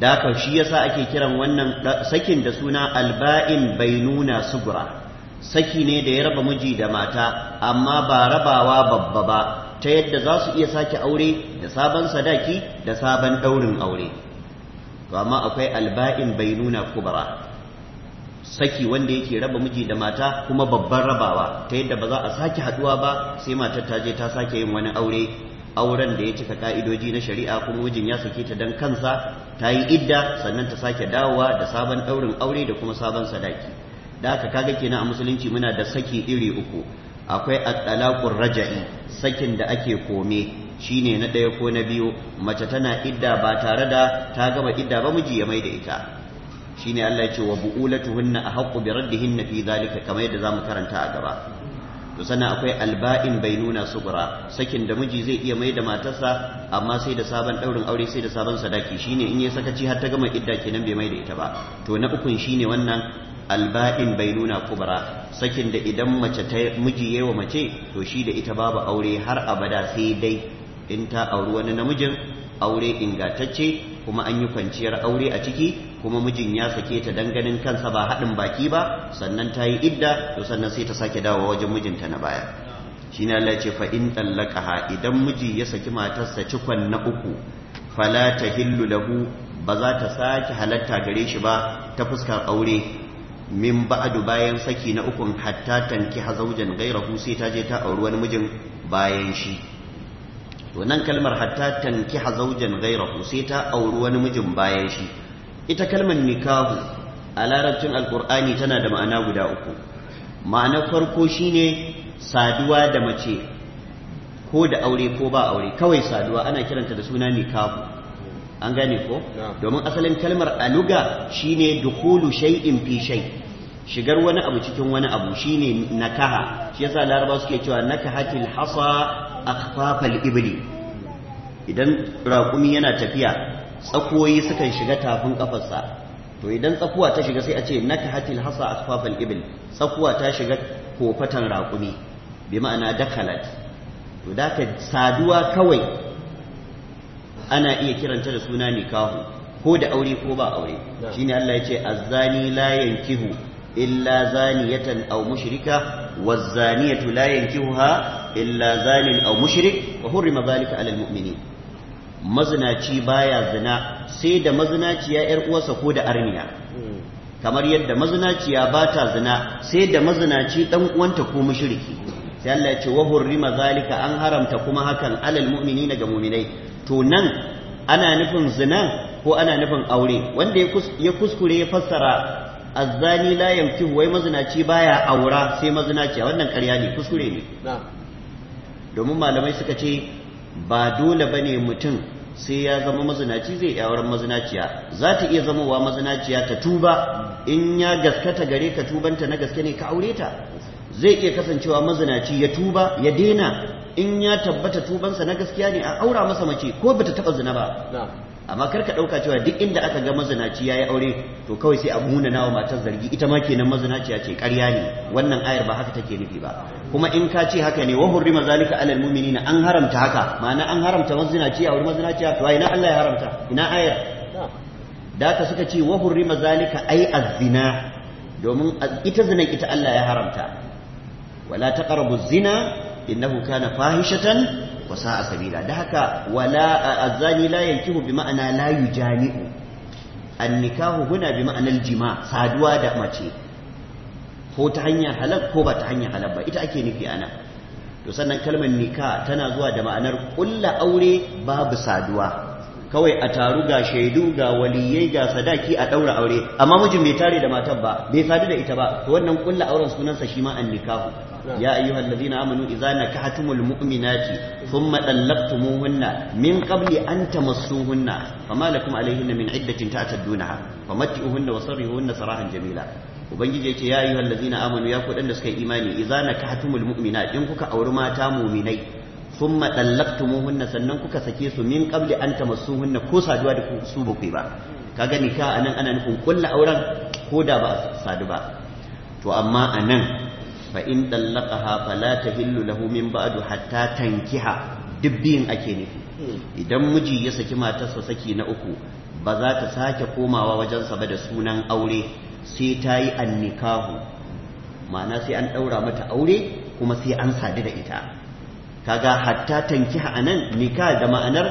da shi yasa ake kiran wannan sakin da suna alba'in bainuna sugura saki ne da ya raba miji da mata amma ba rabawa babba ba ta yadda za su iya sake aure da sabon sadaki da sabon daurin aure to amma akwai alba'in bainuna kubra saki wanda yake raba miji da mata kuma babban rabawa ta yadda ba za a sake haduwa ba sai matar ta je ta sake yin wani aure auren da ya cika ka'idoji na shari'a kuma mijin ya sake ta dan kansa ta yi idda sannan ta sake dawowa da sabon ɗaurin aure da kuma sabon sadaki da aka kaga kenan a musulunci muna da saki iri uku akwai at-talaqur raja'i sakin da ake kome shine na ɗaya ko na biyu mace tana idda ba tare da ta gama idda ba miji ya mai da ita shine Allah ya ce wa bu'ulatuhunna ahqqu bi raddihinna fi zalika kamar yadda zamu karanta a gaba to sannan akwai alba'in bai nuna sugura sakin da miji zai iya mai da matarsa amma sai da sabon daurin aure sai da sabon sadaki shine in ya sakaci har ta gama idda kenan bai mai da ita ba to na ukun shine wannan alba'in bai nuna kubra sakin da idan mace ta miji yayi wa mace to shi da ita babu aure har abada sai dai in ta auri wani namijin aure ingantacce kuma an yi kwanciyar aure a ciki kuma mijin ya sake ta danganin kansa ba haɗin baki ba sannan ta yi idda to sannan sai ta sake dawo wajen mijinta na baya shi ne Allah ce fa'in ɗallakaha idan miji ya saki matarsa cikon na uku fala ta hillu lahu ba za ta sake halatta gare shi ba ta fuska aure min ba'adu bayan saki na ukun hatta tanki hazaujan gairahu sai ta je ta auri wani mijin bayan shi to nan kalmar hatta tanki hazaujan gairahu sai ta auri wani mijin bayan shi ita kalmar nikahu a larabcin alkur'ani tana da ma'ana guda uku ma'anar farko shine saduwa da mace ko da aure ko ba aure kawai saduwa ana kiranta da suna nikahu an gane ko domin asalin kalmar aluga shine dukulu shay'in fi shay shigar wani abu cikin wani abu shine nakaha shi yasa laraba suke cewa nakahatil hasa akhfafal ibli idan raƙumi yana tafiya tsakuwoyi sukan shiga tafin kafarsa to idan tsakuwa ta shiga sai a ce nakahatil hasa asfafal ibil tsakuwa ta shiga kofatan raƙumi bi ma'ana dakalat to da ka saduwa kawai ana iya kiranta da suna nikahu ko da aure ko ba aure shine Allah ya ce azzani la yankihu illa zaniyatan aw mushrika waz la yankihuha illa zanin aw mushrik wa hurrima zalika alal mu'minin mazinaci baya zina sai da mazinaciya yar uwarsa ko da arniya kamar yadda mazinaciya ba ta zina sai da mazinaci dan uwanta ko mushriki sai Allah ya ce wa hurrima zalika an haramta kuma hakan alal mu'minina ga mu'minai to nan ana nufin zina ko ana nufin aure wanda ya kuskure ya fassara azzani la yamti wai mazinaci baya aura sai mazinaciya wannan karya ne kuskure ne domin malamai suka ce ba dole ba ne mutum sai ya zama mazinaci zai iya auren mazinaciya za ta iya zamowa mazinaciya ta tuba in ya gaskata gare ka tubanta na gaske ne ka aure ta zai iya kasancewa mazinaci ya tuba ya daina in ya tabbata tubansa na gaskiya ne a aura masa mace ko bata taɓa zina ba amma kar ka ɗauka cewa duk inda aka ga mazinaci ya yi aure to kawai sai a muna nawa matar zargi ita ma kenan mazinaciya ce ƙarya ne wannan ayar ba haka take nufi ba kuma in ka ce haka ne wa hurrima zalika alal mu'minina an haramta haka ma'ana an haramta mazinaci a wurin mazinaciya to ina Allah ya haramta ina ayar da ka suka ce wa hurrima zalika ai azina zina domin ita zinan ita Allah ya haramta wala taqrabu zina innahu kana fahishatan wasa a sabila da haka wala azani la yankihu bi ma'ana la yujani'u nikahu huna bi ma'anar jima saduwa da mace ko ta hanyar halal ko ba ta hanyar halal ba ita ake nufi ana to sannan kalmar nika tana zuwa da ma'anar kulla aure babu saduwa kawai a taru ga shaidu ga waliyai ga sadaki a daura aure amma mijin bai tare da matar ba bai sadu da ita ba to wannan kulla auren sunansa shi ma annikahu ya ayyuhal ladina amanu idza nakahtumul mu'minati thumma dallaqtumuhunna min qabli an tamassuhunna fama lakum alayhinna min iddatin ta'tadunaha famatti'uhunna wasarrihuhunna sarahan jamila ubangiji yace ya ayyuhal ladina amanu ya ku dan da suka yi imani idza nakahtumul mu'minat in kuka auri mata mu'minai thumma dallaqtumuhunna sannan kuka sake su min qabli an tamassuhunna ko saduwa da su ba ba kaga nikah anan ana nufin kulla auren ko da ba sadu ba to amma anan fa in dallaqaha fala tahillu lahu min ba'du hatta tankiha dubbin ake nufi idan miji ya saki matarsa saki na uku ba za ta sake komawa wajensa ba da sunan aure sai ta yi annikahu ma'ana sai an ɗaura mata aure kuma sai an sadu da ita kaga hatta tankiha anan nika da ma'anar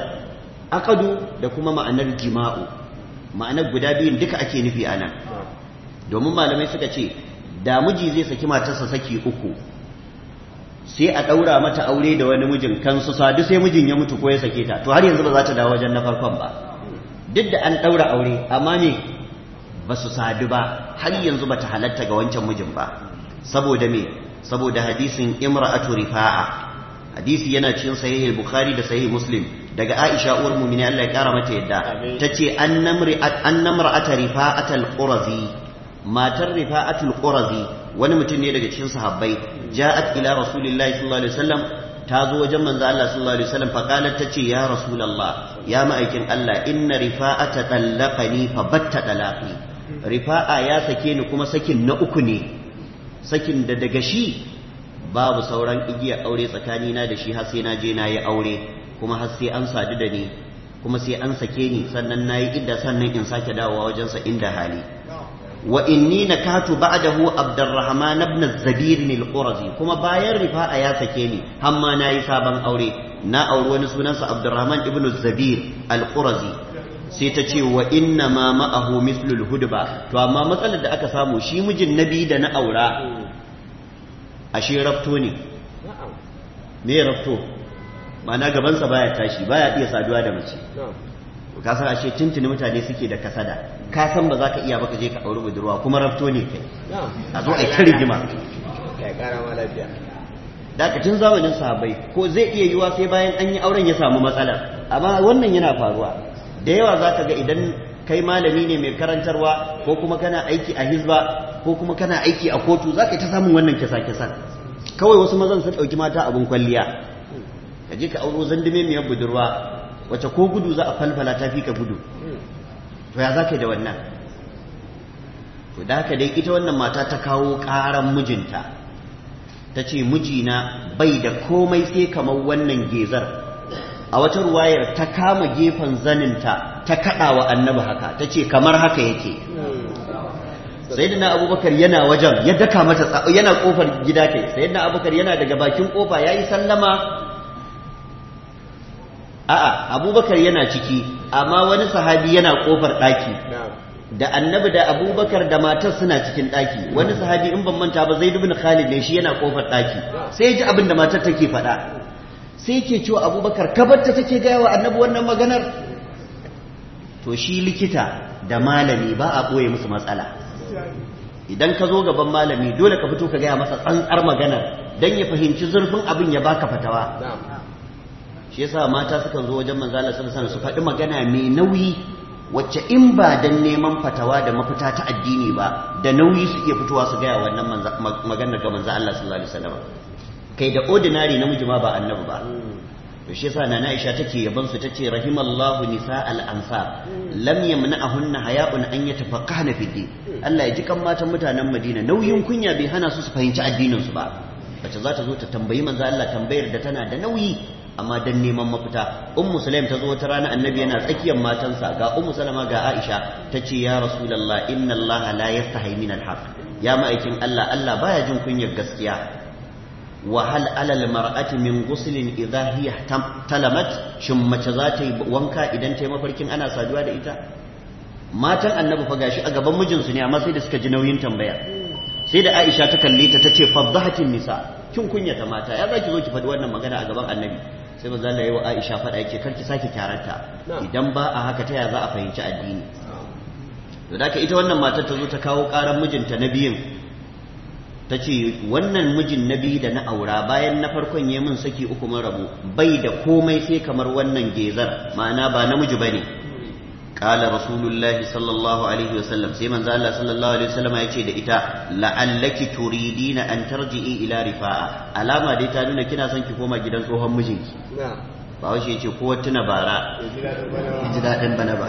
akadu da kuma ma'anar jima'u ma'anar guda biyun duka ake nufi anan domin malamai suka ce da miji zai saki matarsa saki uku sai a ɗaura mata aure da wani mijin kan su sadu sai mijin ya mutu ko ya sake ta to har yanzu ba za ta dawo wajen na farkon ba duk da an ɗaura aure amma ne ba su sadu ba har yanzu ba ta halatta ga wancan mijin ba saboda me saboda hadisin imra'atu rifa'a hadisi yana cikin sahih bukhari da sahih muslim daga aisha uwar mu'mini Allah ya kara mata yadda tace annamra'at annamra'at rifa'at al-qurazi matar rifa'at al-qurazi wani mutum ne daga cikin sahabbai ja'at ila rasulillahi sallallahu alaihi wasallam ta zo wajen manzo Allah sallallahu alaihi wasallam fa qalat tace ya rasulullah ya ma'aikin Allah inna rifa'ata tallaqani fa batta talaqi rifa'a ya sake ni kuma sakin na uku ne sakin da daga shi babu sauran igiya aure tsakanina da shi har sai na je na yi aure kuma har sai an sadu da ni kuma sai an sake ni sannan na yi idda sannan in sake dawowa wajensa inda hali wa inni Katu ba'dahu abdurrahman ibn zabir ne qurazi kuma bayan rifa'a ya sake ni hamma na yi sabon aure na auri wani sunansa abdurrahman ibn zabir al sai ta ce wa inna ma ma'ahu mislul hudba to amma matsalar da aka samu shi mijin nabi da na aura ashe rafto ne me rafto ma'ana gabansa baya tashi baya iya saduwa da mace ka san ashe tuntuni mutane suke da kasada ka san ba za ka iya baka je ka auri budurwa kuma rafto ne kai a zo a ta rigima da ka tun zamanin sahabbai ko zai iya yiwa sai bayan an yi auren ya samu matsala amma wannan yana faruwa da yawa za ka ga idan kai malami ne mai karantarwa ko kuma kana aiki a hizba ko kuma kana aiki a kotu za ka ta samun wannan kisa-kisan kawai wasu mazan sun ɗauki mata abin kwalliya ka je ka auro zandume miyar budurwa wacce ko gudu za a falfala ta fi ka gudu to ya za ka da wannan to da haka dai ita wannan mata ta kawo ƙaran mijinta ta ce mijina bai da komai sai kamar wannan gezar a wata ruwayar ta kama gefen zaninta ta kaɗa wa annabi haka ta ce kamar haka yake sayyidina abubakar yana wajen ya daka mata yana kofar gida kai sayyidina abubakar yana daga bakin kofa yayi sallama a'a abubakar yana ciki amma wani sahabi yana kofar ɗaki da annabi da abubakar da matar suna cikin ɗaki wani sahabi in ban manta ba zaid ibn khalid ne shi yana kofar ɗaki sai ji abin da matar take faɗa sai ke cewa abubakar kabarta take gaya wa annabi wannan maganar to shi likita da malami ba a ɓoye musu matsala idan ka zo gaban malami dole ka fito ka gaya masa tsantsar magana dan ya fahimci zurfin abin ya baka fatawa shi yasa mata sukan zo wajen manzo Allah sallallahu su faɗi magana mai nauyi wacce in ba dan neman fatawa da mafita ta addini ba da nauyi su iya fitowa su gaya wannan maganar ga manzo Allah sallallahu alaihi kai da ordinary namiji ma ba annabi ba hmm. to shi yasa nana Aisha take yaban su tace rahimallahu nisa al-ansar lam yamna'ahunna haya'un an yatafaqahna fi din Allah ya ji kan matan mutanen Madina nauyin kunya bai hana su su fahimci addinin su ba bace za ta zo ta tambayi manzo Allah tambayar da tana da nauyi amma dan neman mafita ummu sulaim ta zo wata rana annabi yana tsakiyar matansa ga ummu salama ga aisha tace ya rasulullah inna Allah la yastahi min al-haq ya ma'aikin Allah Allah baya jin kunyar gaskiya Wahal hal alal mar'ati min ghuslin idha hiya talamat shin mace za ta yi wanka idan ta mafarkin ana saduwa da ita matan annabi fa gashi a gaban mijinsu ne amma sai da suka ji nauyin tambaya sai da Aisha ta kalle ta tace fadhahatin nisa kin kunyata mata ya zaki zo ki faɗi wannan magana a gaban annabi sai manzo Allah yayi wa Aisha faɗa yake karki sake kyararta idan ba a haka ta ya za a fahimci addini to da ita wannan matar ta zo ta kawo ƙaran mijinta na biyun ta ce wannan mijin na biyu da na aura bayan na farkon ya min saki uku mun rabu bai da komai sai kamar wannan gezar ma'ana ba namiji ba ne ƙala rasulullahi sallallahu alaihi wasallam sai manzo Allah sallallahu alaihi wasallam ya ce da ita la'allaki turidina an tarji'i ila rifa'a alama dai ta nuna kina son ki koma gidan tsohon mijinki ba wai ce ko tuna bara ji daɗin bana ba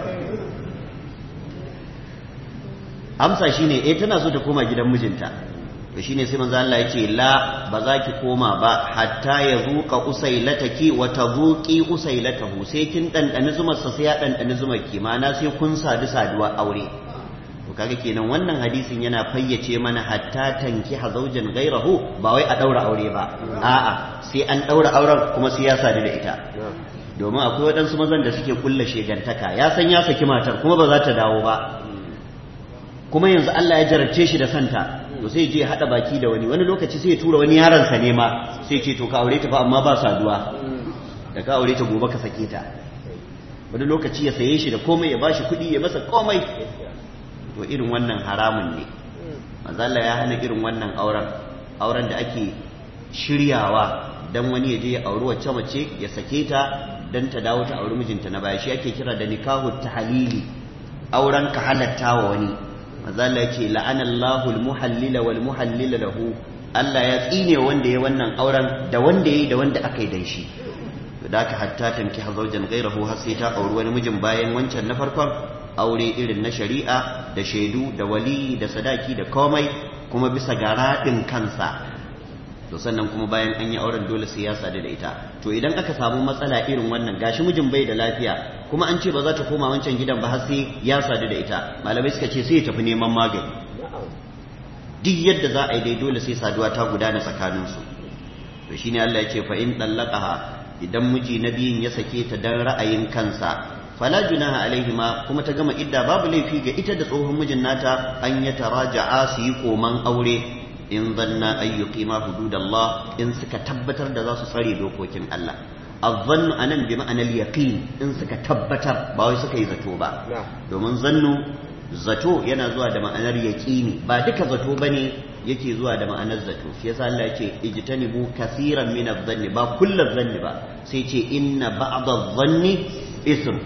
amsa shine eh tana so ta koma gidan mijinta to shine sai manzo Allah yace la ba za ki koma ba hatta ya zuqa usailataki wa tazuqi usailatahu sai kin dandani zumar sa sai ya dandani zumar ki mana sai kun sadu saduwa aure to kaga kenan wannan hadisin yana fayyace mana hatta tanki hazaujan gairahu ba wai a daura aure ba a'a sai an daura auren kuma sai ya sadu da ita domin akwai waɗansu mazan da suke kulla shegantaka ya san ya saki matar kuma ba za ta dawo ba kuma yanzu Allah ya jarabce shi da santa to sai je hada baki da wani wani lokaci sai ya tura wani yaron sa ne ma sai ce to ka aure ta fa amma ba sa saduwa da ka aure ta gobe ka sake ta wani lokaci ya saye shi da komai ya bashi kuɗi ya masa komai to irin wannan haramun ne manzo ya hana irin wannan auren auren da ake shiryawa dan wani ya je ya auri wacce mace ya sake ta dan ta dawo ta auri mijinta na baya shi ake kira da nikahu tahlili auren ka halatta wa wani mazala ce la'anallahu almuhallila wal muhallila lahu Allah ya tsine wanda ya wannan auren da wanda yayi da wanda aka yi dan shi To da ka hatta tanki hazaujan gairahu har sai ta auri wani mijin bayan wancan na farkon aure irin na shari'a da shaidu da wali da sadaki da komai kuma bisa ga kansa to sannan kuma bayan an yi auren dole sai ya sadu da ita to idan aka samu matsala irin wannan gashi mijin bai da lafiya kuma an ce ba za ta koma wancan gidan ba har sai ya sadu da ita malamai suka ce sai ya tafi neman magani duk yadda za a yi dai dole sai saduwa ta gudana tsakaninsu to shine Allah ya ce fa in dallaqaha idan miji na biyun ya sake ta dan ra'ayin kansa fala junaha ma kuma ta gama idda babu laifi ga ita da tsohon mijin nata an ya taraja'a su yi koman aure in zanna ma hududallah in suka tabbatar da za su tsare dokokin Allah a nan bi ma'anar yaqin in suka tabbatar ba wai suka yi zato ba domin zannu zato yana zuwa da ma'anar yaqini ba duka zato bane yake zuwa da ma'anar zato shi yasa Allah yake ijtanibu kaseeran min adh-dhanni ba kullu ba sai ce inna ba'da adh-dhanni ism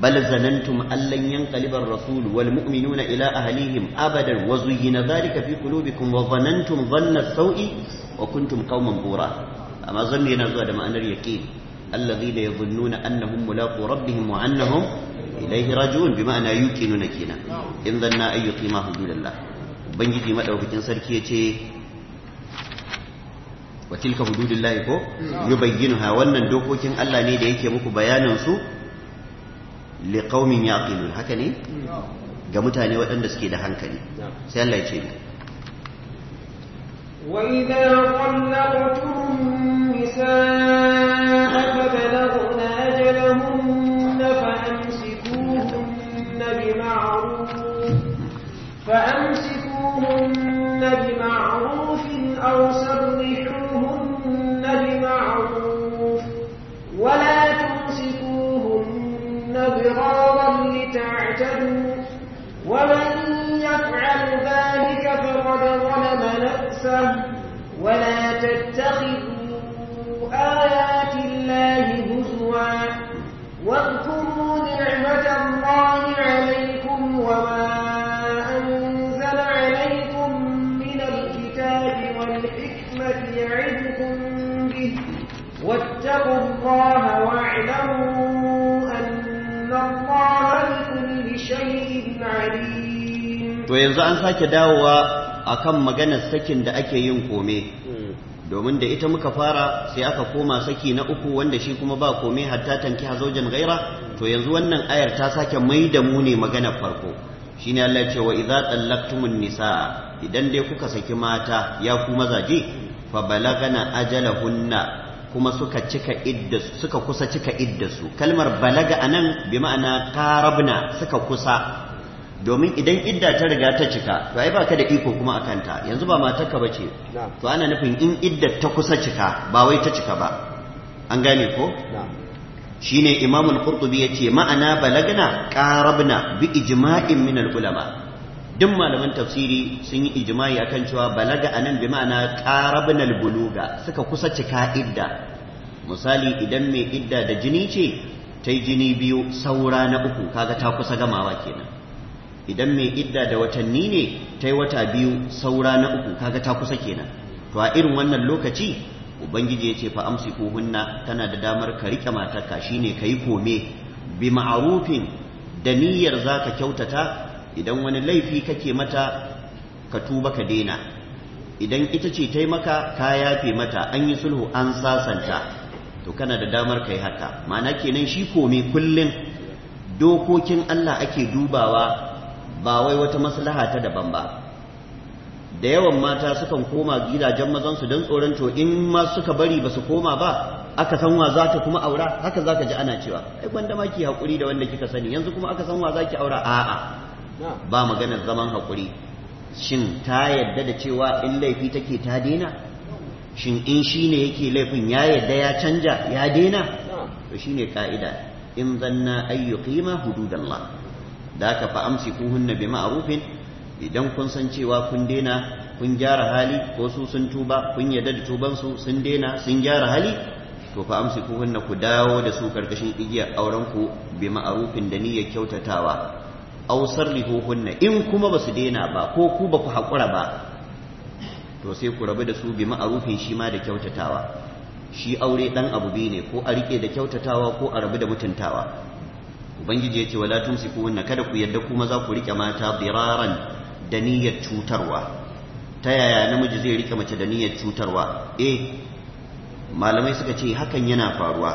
بل ظننتم أن لن ينقلب الرسول والمؤمنون إلى أهليهم أبدا وزين ذلك في قلوبكم وظننتم ظن السوء وكنتم قوما بورا amma zanni yana zuwa da ma'anar yaqin alladhina yadhunnuna annahum mulaqu rabbihim wa annahum ilayhi raji'un bi ma'ana yuqinuna kina in zanna ay yuqima hududallah ubangiji madaukakin sarki yace wa tilka hududullahi ko yubayyinuha wannan dokokin Allah ne da yake muku bayanin su liqaumin yaqilun haka ne ga mutane waɗanda suke da hankali sai Allah ya ce وإذا طلقتم النساء فبلغن أجلهن فأمسكوهن بمعروف فأمسكوهن بمعروف أو سرحوهن بمعروف ولا تمسكوهن ضرارا لتعتدوا ومن يفعل ذلك فقد ظلم نفسه ولا تتخذوا آيات الله هزوا واذكروا نعمة الله عليكم وما أنزل عليكم من الكتاب والحكمة يعدكم به واتقوا الله واعلموا أن الله بكل شيء عليم to yanzu an sake dawowa akan maganar sakin da ake yin kome domin da ita muka fara sai aka koma saki na uku wanda shi kuma ba komai hatta tanki hazaujan gaira to yanzu wannan ayar ta sake mai da mu ne maganar farko shine Allah ya ce wa idza tallaqtumun nisaa idan dai kuka saki mata ya ku mazaje fa balagana ajalahunna kuma suka cika suka kusa cika iddasu kalmar balaga anan bi ma'ana qarabna suka kusa domin idan idda ta riga ta cika to ai baka da iko kuma a kanta yanzu ba matarka bace to ana nufin in idda ta kusa cika ba wai ta cika ba an gane ko shine imamul qurtubi yace ma'ana balagna qarabna bi ijma'in min ulama duk malaman tafsiri sun yi ijma'i akan cewa balaga anan bi ma'ana qarabna buluga suka kusa cika idda misali idan mai idda da jini ce ta jini biyu saura na uku kaga ta kusa gamawa kenan idan mai idda da watanni ne ta yi wata biyu saura na uku kaga ta kusa kenan to a irin wannan lokaci ubangiji ya ce fa amsi ko hunna tana da damar ka rike matarka shine ka yi kome bi ma'arufin da niyyar za ka kyautata idan wani laifi kake mata ka tuba ka daina idan ita ce ta yi maka ka yafe mata an yi sulhu an sasanta to kana da damar ka yi haka ma'ana kenan shi kome kullum dokokin Allah ake dubawa ba wai wata maslaha ta daban ba da yawan mata sukan koma gidajen mazansu don tsoron to in ma suka bari ba su koma ba aka san wa za ta kuma aura haka za ka ji ana cewa ai gwanda ma ki haƙuri da wanda kika sani yanzu kuma aka san wa za ki aura a'a ba maganar zaman haƙuri shin ta yadda da cewa in laifi take ta daina shin in shi ne yake laifin ya yadda ya canja ya daina to shine ka'ida in zanna qima hududallah da aka fa hunna bi ma'rufin idan kun san cewa kun daina kun gyara hali ko su sun tuba kun yadda da tubansu sun daina sun gyara hali to fa amsi ku hunna ku dawo da su karkashin igiyar auren ku bi ma'rufin da niyyar kyautatawa aw sarrihu hunna in kuma ba su daina ba ko ku ba ku hakura ba to sai ku rabu da su bi ma'rufin shi ma da kyautatawa shi aure dan abu ne ko a rike da kyautatawa ko a rabu da mutuntawa ubangiji yace wala tumsikunna kada ku yadda kuma za ku rike mata biraran da niyyar cutarwa ta yaya namiji zai rike mace da niyyar cutarwa eh malamai suka ce hakan yana faruwa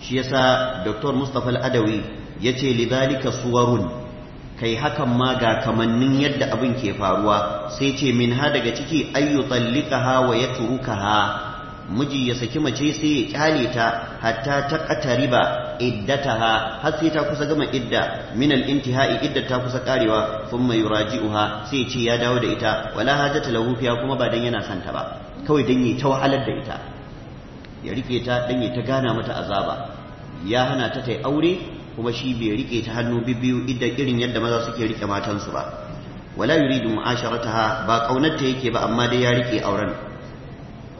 shi yasa Dr. Mustapha Al-Adawi yace lidhalika suwarun kai hakan ma ga kamannin yadda abin ke faruwa sai ce min ha daga ciki ayyu tallikaha wa yatrukaha miji ya saki mace sai ya kyale ta hatta ta qatariba iddataha har sai ta kusa gama idda min al-intihai idda ta kusa karewa thumma yuraji'uha sai ce ya dawo da ita wala hajata lahu fiha kuma ba dan yana santa ba kawai dan yi ta wahalar da ita ya rike ta dan yi ta gana mata azaba ya hana ta tai aure kuma shi bai rike ta hannu bibbiyu idda irin yadda maza suke rike su ba wala yuridu mu'asharataha ba kaunarta yake ba amma dai ya rike auren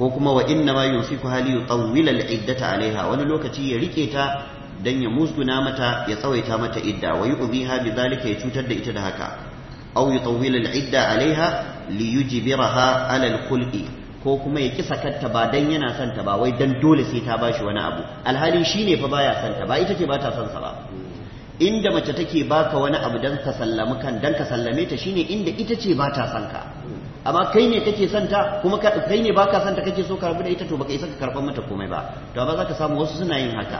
ko kuma wa inna ma yusifu hali yutawwila al-iddata alaiha wani lokaci ya rike ta dan ya musguna mata ya tsawaita mata idda wa yu'dhiha bidhalika ya cutar da ita da haka aw yutawwila al-idda alaiha li yujbiraha ala al-khulqi ko kuma ya kisa katta ba dan yana son ta ba wai dan dole sai ta bashi wani abu alhali shine fa baya son ta ba ita ce ba ta son sa ba inda mace take baka wani abu dan ka sallami kan dan ka sallame ta shine inda ita ce ba ta son ka amma kai ne kake santa kuma kai ne baka santa kake so ka rabu da ita to baka isa ka karban mata komai ba to amma zaka samu wasu suna yin haka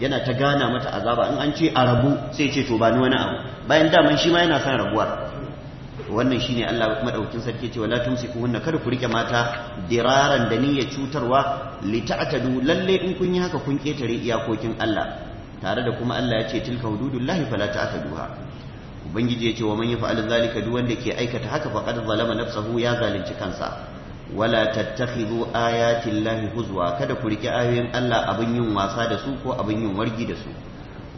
yana ta gana mata azaba in an ce a rabu sai ce to ba ni wani abu bayan daman shi ma yana son rabuwa wannan shine Allah madaukin sarki ce wala tumsikuhunna kada ku rike mata diraran da niyyar cutarwa lita'tadu lalle in kun yi haka kun ketare iyakokin Allah tare da kuma Allah ya ce tilka hududullahi fala ta'taduha ubangiji ya ce wa man yaf'al zalika duk wanda ke aikata haka faqad zalama nafsahu ya zalunci kansa wala tattakhidhu ayati llahi huzwa kada ku riki ayoyin Allah abin yin wasa da su ko abin yin wargi da su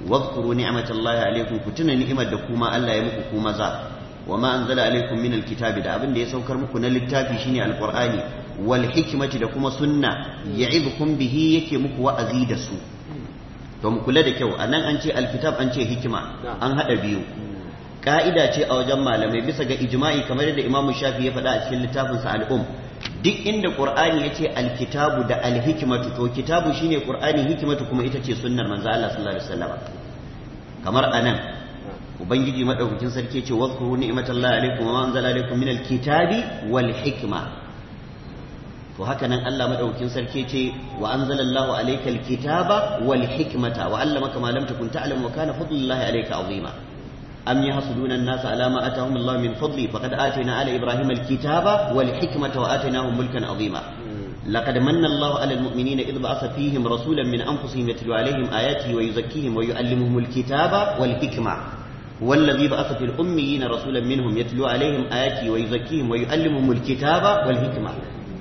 wadhkuru ni'matallahi alaikum ku tuna ni'imar da kuma Allah ya muku kuma maza wa ma anzala alaikum min alkitabi da abin da ya saukar muku na littafi shine alqur'ani wal hikmati da kuma sunna ya'idukum bihi yake muku wa'azi da su to mu kula da kyau anan an ce alkitab an ce hikima an hada biyu ka'ida ce a wajen malamai bisa ga ijma'i kamar yadda imamu shafi ya faɗa a cikin littafinsa al'um duk inda qur'ani ce alkitabu da alhikimatu, to kitabu shine qur'ani hikimatu kuma ita ce sunnar manzo Allah sallallahu alaihi wasallam kamar anan ubangiji madaukakin sarki ce yace wazkuru ni'matallahi alaikum wa anzala alaikum min alkitabi wal hikma to haka nan Allah madaukakin sarki ce wa anzalallahu alaikal kitaba wal hikmata wa allamaka ma lam takun ta'lam wa kana fadlullahi alayka azima أم يحصدون الناس على ما آتاهم الله من فضله فقد آتينا على إبراهيم الكتاب والحكمة وآتيناهم ملكا عظيما لقد من الله على المؤمنين إذ بعث فيهم رسولا من أنفسهم يتلو عليهم آياته ويزكيهم ويعلمهم الكتاب والحكمة والذي بعث في الأميين رسولا منهم يتلو عليهم آياته ويزكيهم ويعلمهم الكتاب والحكمة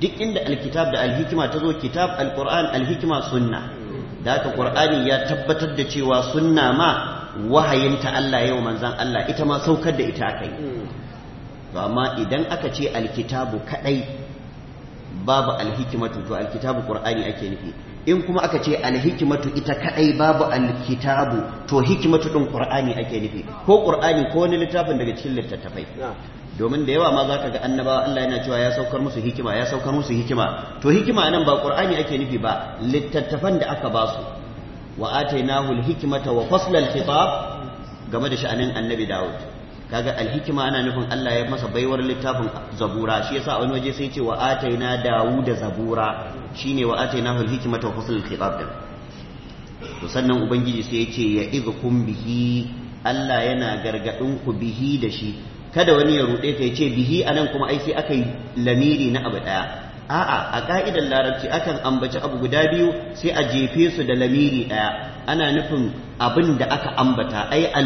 دك عند الكتاب ده الحكمة تزو كتاب القرآن الحكمة سنة ذاك القرآن يتبتد شوى سنة ما wahayin ta Allah yau manzan Allah ita ma saukar da ita aka yi hmm. amma idan aka ce alkitabu kadai babu alhikimatu to alkitabu qur'ani ake nufi in kuma aka ce alhikimatu ita kadai babu alkitabu to hikimatu din qur'ani ake nufi ko qur'ani ko wani littafin daga cikin littattafai hmm. domin da yawa ma za ga annabawa Allah yana cewa ya saukar musu hikima ya saukar musu hikima to hikima nan ba qur'ani ake nufi ba littattafan da aka basu. wa atainahu alhikmata wa game da sha'anin annabi Dawud kaga alhikima ana nufin Allah ya masa baiwar littafin zabura shi yasa a wani waje sai ce wa ataina Dawud zabura shine wa atainahu alhikmata wa fasla alkhitab din to sannan ubangiji sai ya ce ya idhukum bihi Allah yana gargadin ku bihi da shi kada wani ya rude ka ya ce bihi anan kuma ai sai aka yi lamiri na abu daya a'a a ka'idar larabci akan ambaci abu guda biyu sai a jefe su da lamiri ɗaya. ana nufin abin da aka ambata ai al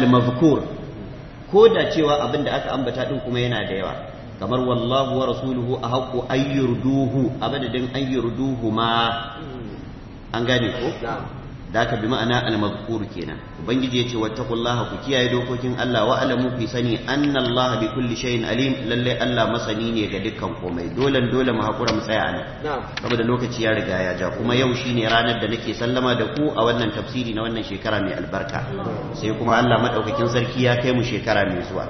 ko da cewa abin da aka ambata din kuma yana da yawa kamar wallahu wa rasuluhu a ahaqqu ayyurduhu abadadin ayyurduhu ma an gane ko da ka bi ma'ana al-mazkur kenan ubangiji yace wattaqullaha ku kiyaye dokokin Allah wa alamu fi sani anna Allah bi kulli shay'in alim lalle Allah masani ne ga dukkan komai dole dole mu hakura mu tsaya ne saboda lokaci ya riga ya ja kuma yau shine ranar da nake sallama da ku a wannan tafsiri na wannan shekara mai albarka sai kuma Allah madaukakin sarki ya kai mu shekara mai zuwa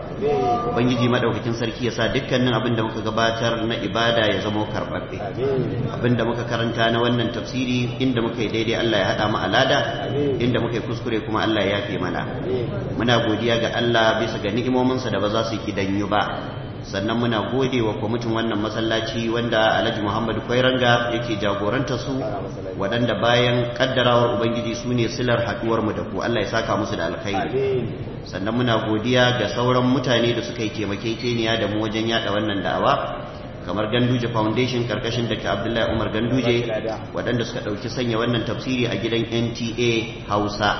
ubangiji madaukakin sarki ya sa dukkanin abin da muka gabatar na ibada ya zama karbabbe abin da muka karanta na wannan tafsiri inda muka yi daidai Allah ya hada mu alada lada inda muke kuskure kuma Allah ya yafe mana muna godiya ga Allah bisa ga ni'imominsa da ba za su kidanyu ba sannan muna gode wa kwamitin wannan masallaci wanda alhaji muhammadu kwairanga yake jagoranta su waɗanda bayan ƙaddarawar ubangiji su ne silar mu da ku allah ya saka musu da alkhairi sannan muna godiya ga sauran mutane da suka yi taimakekeniya da mu wajen yaɗa wannan da'awa kamar ganduje foundation karkashin ke abdullahi umar ganduje waɗanda suka ɗauki sanya wannan tafsiri a gidan nta hausa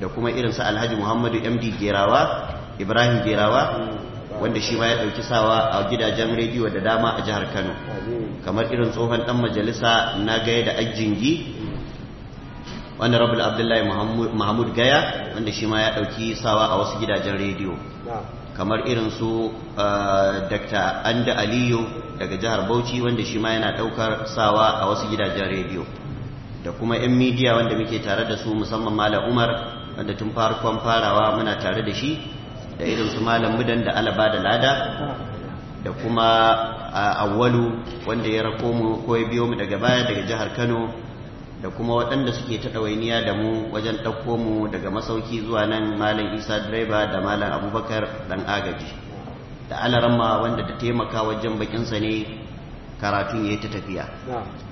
da kuma irinsa alhaji muhammadu md gerawa ibrahim gerawa hmm. wanda shi ma ya ɗauki sawa a gidajen rediyo da dama a jihar kano kamar irin tsohon ɗan majalisa na gaya da ajingi wanda hmm. rabul abdullahi mahmud gaya wanda shi ma ya ɗauki sawa a wasu gidajen rediyo kamar irin su uh, Dr. Anda Aliyu daga jihar Bauchi wanda shi ma yana daukar sawa a wasu gidajen rediyo da kuma 'yan midiya wanda muke tare da su musamman Malam Umar wanda tun farkon farawa muna tare da shi da irin su Malam Mudan da Alaba da Lada da kuma uh, Awwalu wanda ya rako mu ko ya biyo mu daga baya daga jihar Kano da kuma waɗanda suke ta ɗawainiya da mu wajen ɗauko mu daga masauki zuwa nan malam isa direba da malam abubakar ɗan agaji da alarama wanda ta taimaka wajen bakinsa ne karatun ya yi ta tafiya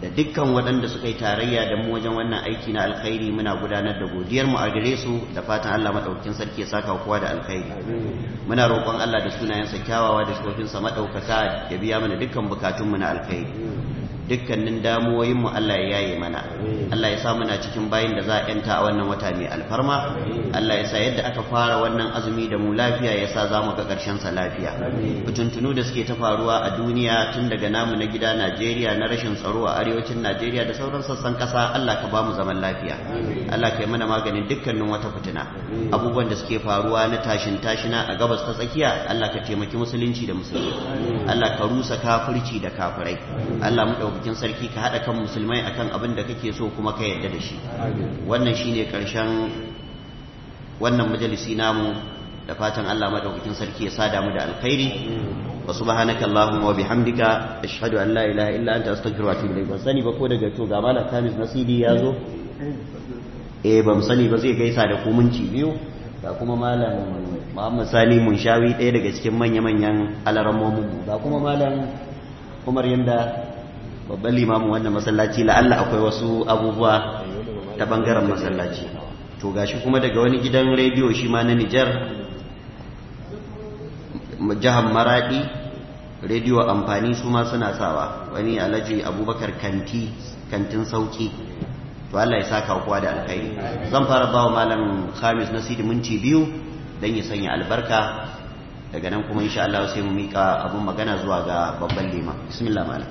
da dukkan waɗanda suka yi tarayya da mu wajen wannan aiki na alkhairi muna gudanar da godiyar mu a gare su da fatan Allah maɗaukin sarki ya saka kowa da alkhairi muna roƙon Allah da sunayensa kyawawa da shofinsa maɗaukaka ya biya mana dukkan bukatunmu na alkhairi dukkanin damuwoyin mu Allah ya yaye mana Allah ya sa muna cikin bayin da za a yanta a wannan wata mai alfarma Allah ya sa yadda aka fara wannan azumi da mu lafiya ya sa za mu ga ƙarshen sa lafiya fitintunu da suke ta faruwa a duniya tun daga namu na gida Najeriya na rashin tsaro a arewacin Najeriya da sauran sassan ƙasa Allah ka ba mu zaman lafiya Allah ka yi mana maganin dukkanin wata fitina abubuwan da suke faruwa na tashin tashina a gabas ta tsakiya Allah ka taimaki musulunci da musulmi Allah ka rusa kafirci da kafirai Allah mu bikin sarki ka haɗa kan musulmai akan abin da kake so kuma ka yarda da shi wannan shine karshen wannan majalisi namu da fatan Allah madaukakin sarki ya sada mu da alkhairi wa subhanaka allahumma wa bihamdika ashhadu an la ilaha illa anta astaghfiruka wa atubu ilayk ban sani ba ko daga to ga malam Kamis Nasidi ya zo eh ban sani ba zai gaisa da ku minti biyu ga kuma malam Muhammad Sani mun shawi ɗaya daga cikin manya-manyan alaramomin mu ga kuma malam Umar Yanda babban limamin wannan masallaci la'alla akwai wasu abubuwa ta bangaren masallaci to gashi kuma daga wani gidan rediyo shi ma na Nijar jihar Maradi rediyo amfani su ma suna sawa wani alhaji Abubakar Kanti kantin sauki to Allah ya saka kowa da alkhairi zan fara bawa malam Khamis Nasidi minti biyu dan ya sanya albarka daga nan kuma insha Allah sai mu mika abun magana zuwa ga babban liman bismillah malam